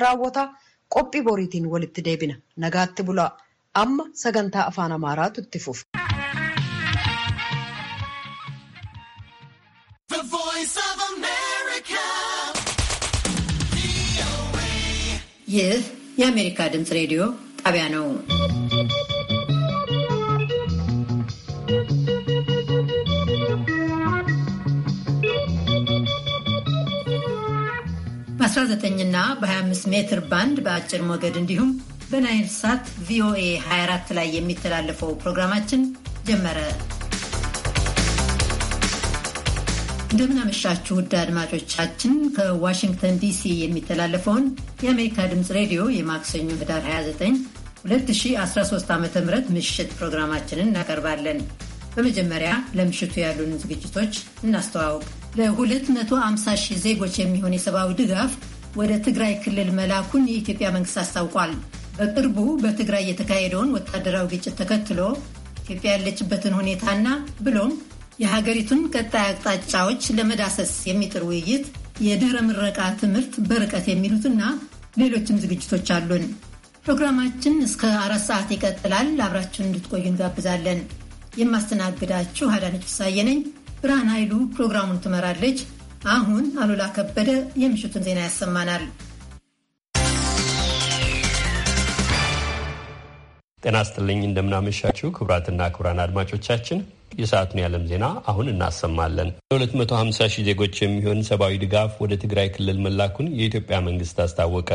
raawwataa qophii boriitiin walitti deebina nagaatti bulaa amma sagantaa afaan amaaraatu itti fufa. ይህ የአሜሪካ ድምፅ ሬዲዮ ጣቢያ ነው። በ19ና በ25 ሜትር ባንድ በአጭር ሞገድ እንዲሁም በናይል ሳት ቪኦኤ 24 ላይ የሚተላለፈው ፕሮግራማችን ጀመረ። እንደምናመሻችሁ ውድ አድማጮቻችን፣ ከዋሽንግተን ዲሲ የሚተላለፈውን የአሜሪካ ድምፅ ሬዲዮ የማክሰኞ ህዳር 29 2013 ዓ ም ምሽት ፕሮግራማችንን እናቀርባለን። በመጀመሪያ ለምሽቱ ያሉን ዝግጅቶች እናስተዋውቅ። ለ250 ሺህ ዜጎች የሚሆን የሰብአዊ ድጋፍ ወደ ትግራይ ክልል መላኩን የኢትዮጵያ መንግስት አስታውቋል። በቅርቡ በትግራይ የተካሄደውን ወታደራዊ ግጭት ተከትሎ ኢትዮጵያ ያለችበትን ሁኔታና ብሎም የሀገሪቱን ቀጣይ አቅጣጫዎች ለመዳሰስ የሚጥር ውይይት፣ የድህረ ምረቃ ትምህርት በርቀት የሚሉትና ሌሎችም ዝግጅቶች አሉን። ፕሮግራማችን እስከ አራት ሰዓት ይቀጥላል። አብራችሁን እንድትቆዩ እንጋብዛለን። የማስተናግዳችሁ አዳነች ሳየ ነኝ። ብርሃን ኃይሉ ፕሮግራሙን ትመራለች። አሁን አሉላ ከበደ የምሽቱን ዜና ያሰማናል። ጤና ስትልኝ እንደምናመሻችሁ ክቡራትና ክቡራን አድማጮቻችን የሰዓቱን የዓለም ዜና አሁን እናሰማለን። ለ250 ሺህ ዜጎች የሚሆን ሰብአዊ ድጋፍ ወደ ትግራይ ክልል መላኩን የኢትዮጵያ መንግስት አስታወቀ።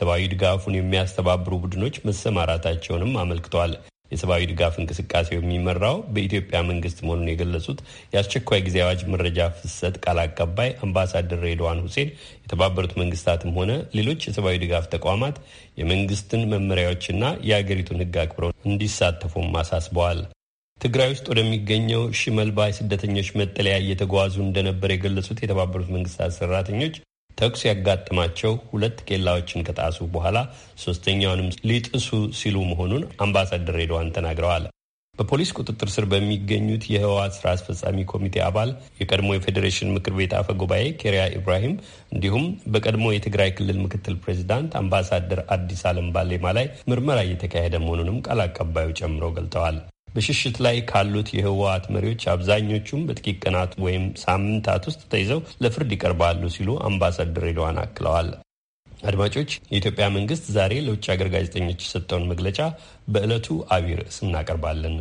ሰብአዊ ድጋፉን የሚያስተባብሩ ቡድኖች መሰማራታቸውንም አመልክተዋል። የሰብአዊ ድጋፍ እንቅስቃሴው የሚመራው በኢትዮጵያ መንግስት መሆኑን የገለጹት የአስቸኳይ ጊዜ አዋጅ መረጃ ፍሰት ቃል አቀባይ አምባሳደር ሬድዋን ሁሴን የተባበሩት መንግስታትም ሆነ ሌሎች የሰብአዊ ድጋፍ ተቋማት የመንግስትን መመሪያዎችና የአገሪቱን ህግ አክብረው እንዲሳተፉም አሳስበዋል። ትግራይ ውስጥ ወደሚገኘው ሽመልባ የስደተኞች መጠለያ እየተጓዙ እንደነበር የገለጹት የተባበሩት መንግስታት ሰራተኞች ተኩስ ያጋጠማቸው ሁለት ኬላዎችን ከጣሱ በኋላ ሶስተኛውንም ሊጥሱ ሲሉ መሆኑን አምባሳደር ሬድዋን ተናግረዋል። በፖሊስ ቁጥጥር ስር በሚገኙት የህወሓት ስራ አስፈጻሚ ኮሚቴ አባል የቀድሞ የፌዴሬሽን ምክር ቤት አፈ ጉባኤ ኬሪያ ኢብራሂም እንዲሁም በቀድሞ የትግራይ ክልል ምክትል ፕሬዚዳንት አምባሳደር አዲስ አለም ባሌማ ላይ ምርመራ እየተካሄደ መሆኑንም ቃል አቀባዩ ጨምሮ ገልጠዋል። በሽሽት ላይ ካሉት የህወሓት መሪዎች አብዛኞቹም በጥቂት ቀናት ወይም ሳምንታት ውስጥ ተይዘው ለፍርድ ይቀርባሉ ሲሉ አምባሳደር ሬድዋን አክለዋል። አድማጮች፣ የኢትዮጵያ መንግስት ዛሬ ለውጭ ሀገር ጋዜጠኞች የሰጠውን መግለጫ በዕለቱ አቢይ ርዕስ እናቀርባለን።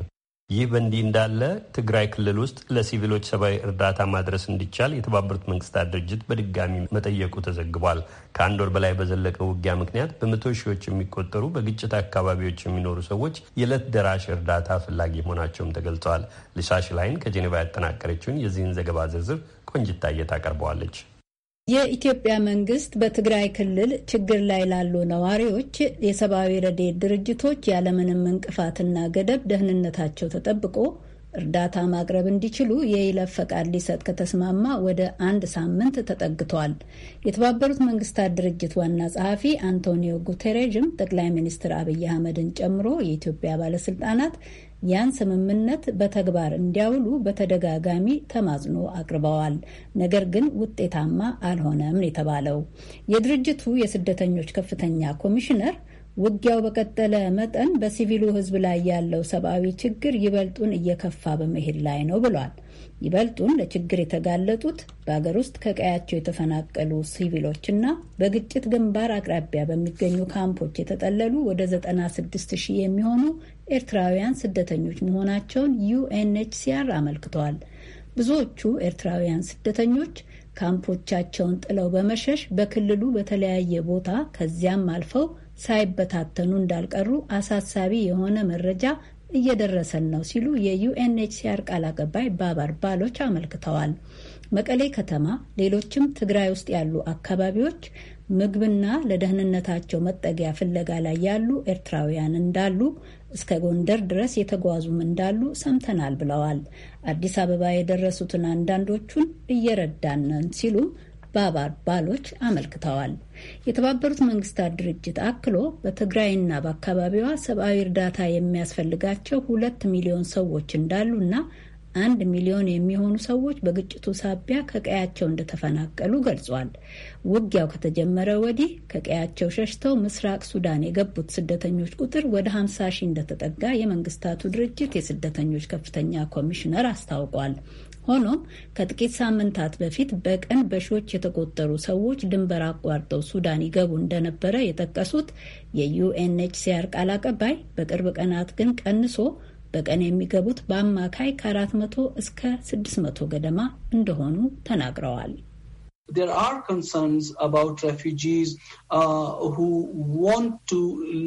ይህ በእንዲህ እንዳለ ትግራይ ክልል ውስጥ ለሲቪሎች ሰብአዊ እርዳታ ማድረስ እንዲቻል የተባበሩት መንግስታት ድርጅት በድጋሚ መጠየቁ ተዘግቧል። ከአንድ ወር በላይ በዘለቀ ውጊያ ምክንያት በመቶ ሺዎች የሚቆጠሩ በግጭት አካባቢዎች የሚኖሩ ሰዎች የዕለት ደራሽ እርዳታ ፈላጊ መሆናቸውም ተገልጸዋል። ሊሳሽ ላይን ከጄኔቫ ያጠናቀረችውን የዚህን ዘገባ ዝርዝር ቆንጅታየት አቀርበዋለች። የኢትዮጵያ መንግስት በትግራይ ክልል ችግር ላይ ላሉ ነዋሪዎች የሰብአዊ ረድኤት ድርጅቶች ያለምንም እንቅፋትና ገደብ ደህንነታቸው ተጠብቆ እርዳታ ማቅረብ እንዲችሉ የይለፍ ፈቃድ ሊሰጥ ከተስማማ ወደ አንድ ሳምንት ተጠግቷል። የተባበሩት መንግስታት ድርጅት ዋና ጸሐፊ አንቶኒዮ ጉቴሬዥም ጠቅላይ ሚኒስትር አብይ አህመድን ጨምሮ የኢትዮጵያ ባለስልጣናት ያን ስምምነት በተግባር እንዲያውሉ በተደጋጋሚ ተማጽኖ አቅርበዋል። ነገር ግን ውጤታማ አልሆነም የተባለው የድርጅቱ የስደተኞች ከፍተኛ ኮሚሽነር ውጊያው በቀጠለ መጠን በሲቪሉ ሕዝብ ላይ ያለው ሰብአዊ ችግር ይበልጡን እየከፋ በመሄድ ላይ ነው ብሏል። ይበልጡን ለችግር የተጋለጡት በሀገር ውስጥ ከቀያቸው የተፈናቀሉ ሲቪሎችና በግጭት ግንባር አቅራቢያ በሚገኙ ካምፖች የተጠለሉ ወደ 96 ሺህ የሚሆኑ ኤርትራውያን ስደተኞች መሆናቸውን ዩኤንኤችሲአር አመልክተዋል። ብዙዎቹ ኤርትራውያን ስደተኞች ካምፖቻቸውን ጥለው በመሸሽ በክልሉ በተለያየ ቦታ ከዚያም አልፈው ሳይበታተኑ እንዳልቀሩ አሳሳቢ የሆነ መረጃ እየደረሰን ነው ሲሉ የዩኤንኤችሲአር ቃል አቀባይ ባባር ባሎች አመልክተዋል። መቀሌ ከተማ፣ ሌሎችም ትግራይ ውስጥ ያሉ አካባቢዎች ምግብና ለደህንነታቸው መጠጊያ ፍለጋ ላይ ያሉ ኤርትራውያን እንዳሉ እስከ ጎንደር ድረስ የተጓዙም እንዳሉ ሰምተናል ብለዋል። አዲስ አበባ የደረሱትን አንዳንዶቹን እየረዳን ሲሉም ባባር ባሎች አመልክተዋል። የተባበሩት መንግስታት ድርጅት አክሎ በትግራይና በአካባቢዋ ሰብአዊ እርዳታ የሚያስፈልጋቸው ሁለት ሚሊዮን ሰዎች እንዳሉና አንድ ሚሊዮን የሚሆኑ ሰዎች በግጭቱ ሳቢያ ከቀያቸው እንደተፈናቀሉ ገልጿል። ውጊያው ከተጀመረ ወዲህ ከቀያቸው ሸሽተው ምስራቅ ሱዳን የገቡት ስደተኞች ቁጥር ወደ 50 ሺህ እንደተጠጋ የመንግስታቱ ድርጅት የስደተኞች ከፍተኛ ኮሚሽነር አስታውቋል። ሆኖም ከጥቂት ሳምንታት በፊት በቀን በሺዎች የተቆጠሩ ሰዎች ድንበር አቋርጠው ሱዳን ይገቡ እንደነበረ የጠቀሱት የዩኤንኤችሲአር ቃል አቀባይ በቅርብ ቀናት ግን ቀንሶ በቀን የሚገቡት በአማካይ ከ መቶ እስከ 600 መቶ ገደማ እንደሆኑ ተናግረዋል። there are concerns about refugees uh, who want to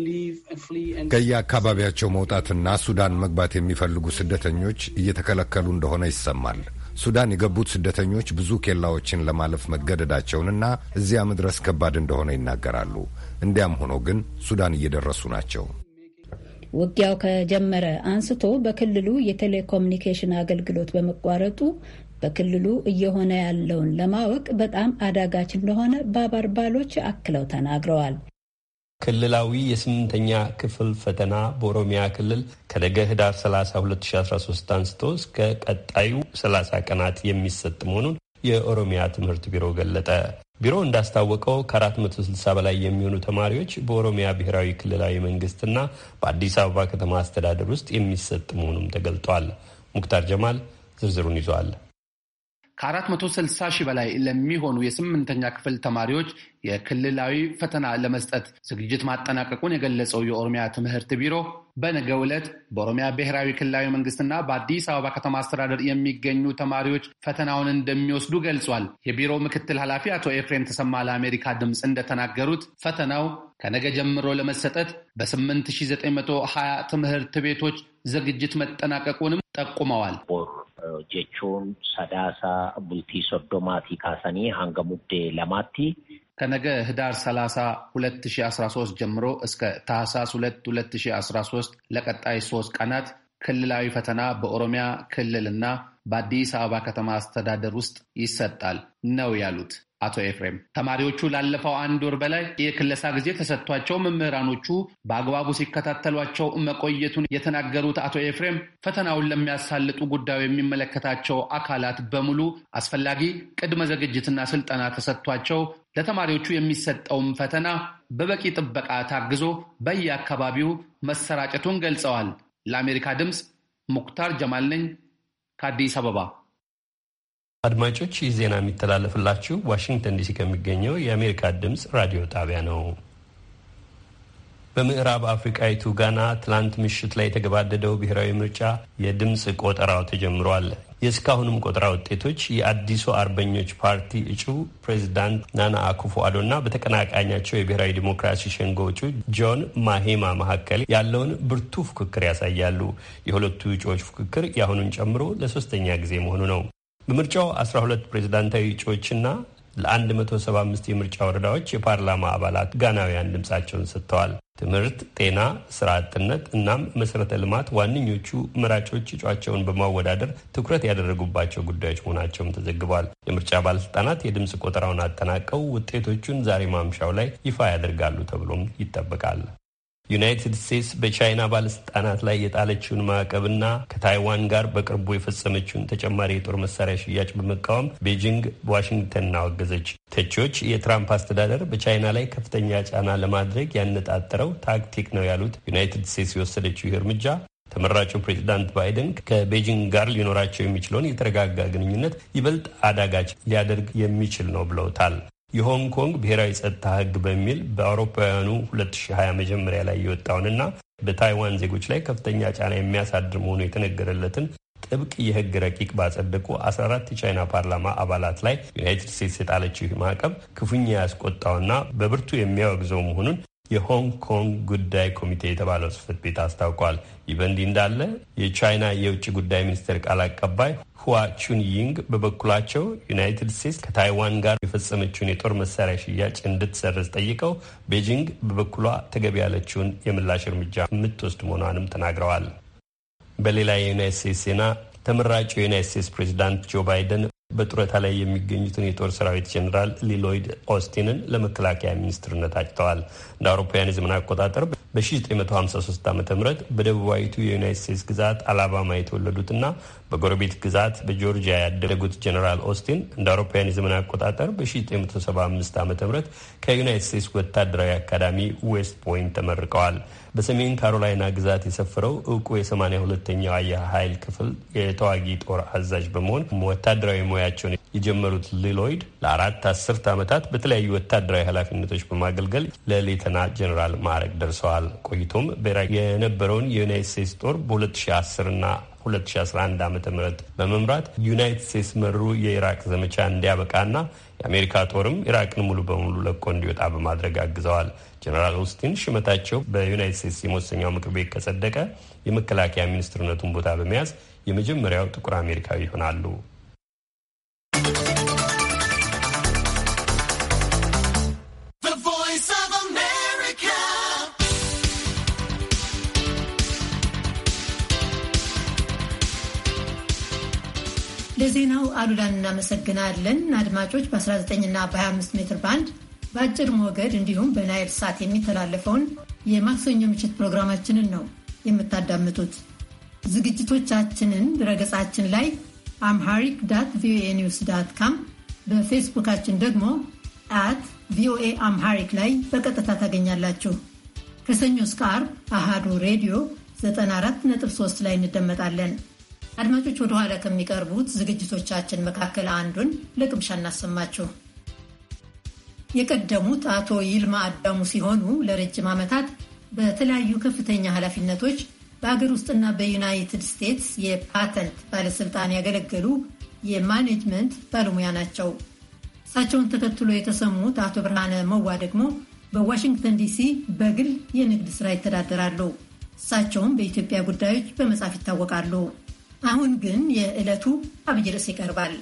leave and flee and ከየአካባቢያቸው መውጣትና ሱዳን መግባት የሚፈልጉ ስደተኞች እየተከለከሉ እንደሆነ ይሰማል። ሱዳን የገቡት ስደተኞች ብዙ ኬላዎችን ለማለፍ መገደዳቸውንና እዚያ መድረስ ከባድ እንደሆነ ይናገራሉ። እንዲያም ሆኖ ግን ሱዳን እየደረሱ ናቸው። ውጊያው ከጀመረ አንስቶ በክልሉ የቴሌኮሙኒኬሽን አገልግሎት በመቋረጡ በክልሉ እየሆነ ያለውን ለማወቅ በጣም አዳጋች እንደሆነ ባባርባሎች አክለው ተናግረዋል። ክልላዊ የስምንተኛ ክፍል ፈተና በኦሮሚያ ክልል ከነገ ህዳር 30 2013 አንስቶ እስከ ቀጣዩ 30 ቀናት የሚሰጥ መሆኑን የኦሮሚያ ትምህርት ቢሮ ገለጠ። ቢሮው እንዳስታወቀው ከ460 በላይ የሚሆኑ ተማሪዎች በኦሮሚያ ብሔራዊ ክልላዊ መንግስትና በአዲስ አበባ ከተማ አስተዳደር ውስጥ የሚሰጥ መሆኑም ተገልጧል። ሙክታር ጀማል ዝርዝሩን ይዟል። ከ460 ሺህ በላይ ለሚሆኑ የስምንተኛ ክፍል ተማሪዎች የክልላዊ ፈተና ለመስጠት ዝግጅት ማጠናቀቁን የገለጸው የኦሮሚያ ትምህርት ቢሮ በነገ ዕለት በኦሮሚያ ብሔራዊ ክልላዊ መንግስትና በአዲስ አበባ ከተማ አስተዳደር የሚገኙ ተማሪዎች ፈተናውን እንደሚወስዱ ገልጿል። የቢሮው ምክትል ኃላፊ አቶ ኤፍሬም ተሰማ ለአሜሪካ ድምፅ እንደተናገሩት ፈተናው ከነገ ጀምሮ ለመሰጠት በ8920 ትምህርት ቤቶች ዝግጅት መጠናቀቁንም ጠቁመዋል። jechuun sadaasa bultii soddomaatii kaasanii hanga muddee lamaatti ከነገ ህዳር 30 2013 ጀምሮ እስከ ታህሳስ 2 2013 ለቀጣይ ሶስት ቀናት ክልላዊ ፈተና በኦሮሚያ ክልልና በአዲስ አበባ ከተማ አስተዳደር ውስጥ ይሰጣል ነው ያሉት አቶ ኤፍሬም ተማሪዎቹ ላለፈው አንድ ወር በላይ የክለሳ ጊዜ ተሰጥቷቸው መምህራኖቹ በአግባቡ ሲከታተሏቸው መቆየቱን የተናገሩት አቶ ኤፍሬም ፈተናውን ለሚያሳልጡ ጉዳዩ የሚመለከታቸው አካላት በሙሉ አስፈላጊ ቅድመ ዝግጅትና ስልጠና ተሰጥቷቸው ለተማሪዎቹ የሚሰጠውን ፈተና በበቂ ጥበቃ ታግዞ በየአካባቢው መሰራጨቱን ገልጸዋል። ለአሜሪካ ድምፅ ሙክታር ጀማል ነኝ ከአዲስ አበባ። አድማጮች ይህ ዜና የሚተላለፍላችሁ ዋሽንግተን ዲሲ ከሚገኘው የአሜሪካ ድምፅ ራዲዮ ጣቢያ ነው። በምዕራብ አፍሪካዊቱ ጋና ትላንት ምሽት ላይ የተገባደደው ብሔራዊ ምርጫ የድምፅ ቆጠራው ተጀምሯል። የእስካሁንም ቆጠራ ውጤቶች የአዲሱ አርበኞች ፓርቲ እጩ ፕሬዚዳንት ናና አኩፎ አዶና በተቀናቃኛቸው የብሔራዊ ዲሞክራሲ ሸንጎ እጩ ጆን ማሄማ መካከል ያለውን ብርቱ ፉክክር ያሳያሉ። የሁለቱ እጩዎች ፉክክር የአሁኑን ጨምሮ ለሶስተኛ ጊዜ መሆኑ ነው። በምርጫው 12 ፕሬዝዳንታዊ እጩዎችና ለ175 የምርጫ ወረዳዎች የፓርላማ አባላት ጋናውያን ድምፃቸውን ሰጥተዋል። ትምህርት፣ ጤና፣ ስራ አጥነት እናም መሰረተ ልማት ዋነኞቹ መራጮች እጯቸውን በማወዳደር ትኩረት ያደረጉባቸው ጉዳዮች መሆናቸውም ተዘግቧል። የምርጫ ባለስልጣናት የድምፅ ቆጠራውን አጠናቀው ውጤቶቹን ዛሬ ማምሻው ላይ ይፋ ያደርጋሉ ተብሎም ይጠበቃል። ዩናይትድ ስቴትስ በቻይና ባለስልጣናት ላይ የጣለችውን ማዕቀብና ከታይዋን ጋር በቅርቡ የፈጸመችውን ተጨማሪ የጦር መሳሪያ ሽያጭ በመቃወም ቤጂንግ ዋሽንግተንን አወገዘች። ተቺዎች የትራምፕ አስተዳደር በቻይና ላይ ከፍተኛ ጫና ለማድረግ ያነጣጠረው ታክቲክ ነው ያሉት ዩናይትድ ስቴትስ የወሰደችው ይህ እርምጃ ተመራጩ ፕሬዚዳንት ባይደን ከቤጂንግ ጋር ሊኖራቸው የሚችለውን የተረጋጋ ግንኙነት ይበልጥ አዳጋች ሊያደርግ የሚችል ነው ብለውታል። የሆንግ ኮንግ ብሔራዊ ጸጥታ ሕግ በሚል በአውሮፓውያኑ 2020 መጀመሪያ ላይ የወጣውንና በታይዋን ዜጎች ላይ ከፍተኛ ጫና የሚያሳድር መሆኑ የተነገረለትን ጥብቅ የህግ ረቂቅ ባጸደቁ 14 የቻይና ፓርላማ አባላት ላይ ዩናይትድ ስቴትስ የጣለችው ማዕቀብ ክፉኛ ያስቆጣውና በብርቱ የሚያወግዘው መሆኑን የሆንግ ኮንግ ጉዳይ ኮሚቴ የተባለው ጽህፈት ቤት አስታውቋል። ይህ በእንዲህ እንዳለ የቻይና የውጭ ጉዳይ ሚኒስቴር ቃል አቀባይ ሁዋ ይንግ በበኩላቸው ዩናይትድ ስቴትስ ከታይዋን ጋር የፈጸመችውን የጦር መሳሪያ ሽያጭ እንድትሰርዝ ጠይቀው ቤጂንግ በበኩሏ ተገቢ ያለችውን የምላሽ እርምጃ የምትወስድ መሆኗንም ተናግረዋል። በሌላ የዩናይት ስቴትስ ዜና ተመራጩ የዩናይት ስቴትስ ፕሬዚዳንት ጆ ባይደን በጡረታ ላይ የሚገኙትን የጦር ሰራዊት ጀኔራል ሊሎይድ ኦስቲንን ለመከላከያ ሚኒስትርነት አጭተዋል። እንደ አውሮፓውያን የዘመን አቆጣጠር በ1953 ዓ ም በደቡባዊቱ የዩናይት ስቴትስ ግዛት አላባማ የተወለዱትና በጎረቤት ግዛት በጆርጂያ ያደረጉት ጀኔራል ኦስቲን እንደ አውሮፓውያን የዘመን አቆጣጠር በ1975 ዓ ም ከዩናይት ስቴትስ ወታደራዊ አካዳሚ ዌስት ፖይንት ተመርቀዋል። በሰሜን ካሮላይና ግዛት የሰፈረው እውቁ የሰማንያ ሁለተኛው አየር ኃይል ክፍል የተዋጊ ጦር አዛዥ በመሆን ወታደራዊ ሙያቸውን የጀመሩት ሊሎይድ ለአራት አስርት ዓመታት በተለያዩ ወታደራዊ ኃላፊነቶች በማገልገል ለሌተና ጀኔራል ማዕረግ ደርሰዋል። ቆይቶም በኢራቅ የነበረውን የዩናይት ስቴትስ ጦር በ2010 እና 2011 ዓ ም በመምራት ዩናይት ስቴትስ መሩ የኢራቅ ዘመቻ እንዲያበቃና የአሜሪካ ጦርም ኢራቅን ሙሉ በሙሉ ለቆ እንዲወጣ በማድረግ አግዘዋል። ጀነራል ኦስቲን ሽመታቸው በዩናይት ስቴትስ የመወሰኛው ምክር ቤት ከጸደቀ የመከላከያ ሚኒስትርነቱን ቦታ በመያዝ የመጀመሪያው ጥቁር አሜሪካዊ ይሆናሉ። ለዜናው አሉላን እናመሰግናለን። አድማጮች በ19 እና በ25 ሜትር ባንድ በአጭር ሞገድ እንዲሁም በናይል ሳት የሚተላለፈውን የማክሰኞ ምሽት ፕሮግራማችንን ነው የምታዳምጡት። ዝግጅቶቻችንን ድረገጻችን ላይ አምሃሪክ ዳት ቪኦኤ ኒውስ ዳት ካም፣ በፌስቡካችን ደግሞ አት ቪኦኤ አምሃሪክ ላይ በቀጥታ ታገኛላችሁ። ከሰኞ እስከ ዓርብ አሃዱ ሬዲዮ 94.3 ላይ እንደመጣለን። አድማጮች ወደኋላ ከሚቀርቡት ዝግጅቶቻችን መካከል አንዱን ለቅምሻ እናሰማችሁ። የቀደሙት አቶ ይልማ አዳሙ ሲሆኑ ለረጅም ዓመታት በተለያዩ ከፍተኛ ኃላፊነቶች በአገር ውስጥና በዩናይትድ ስቴትስ የፓተንት ባለስልጣን ያገለገሉ የማኔጅመንት ባለሙያ ናቸው። እሳቸውን ተከትሎ የተሰሙት አቶ ብርሃነ መዋ ደግሞ በዋሽንግተን ዲሲ በግል የንግድ ስራ ይተዳደራሉ። እሳቸውም በኢትዮጵያ ጉዳዮች በመጻፍ ይታወቃሉ። አሁን ግን የዕለቱ አብይ ርዕስ ይቀርባል።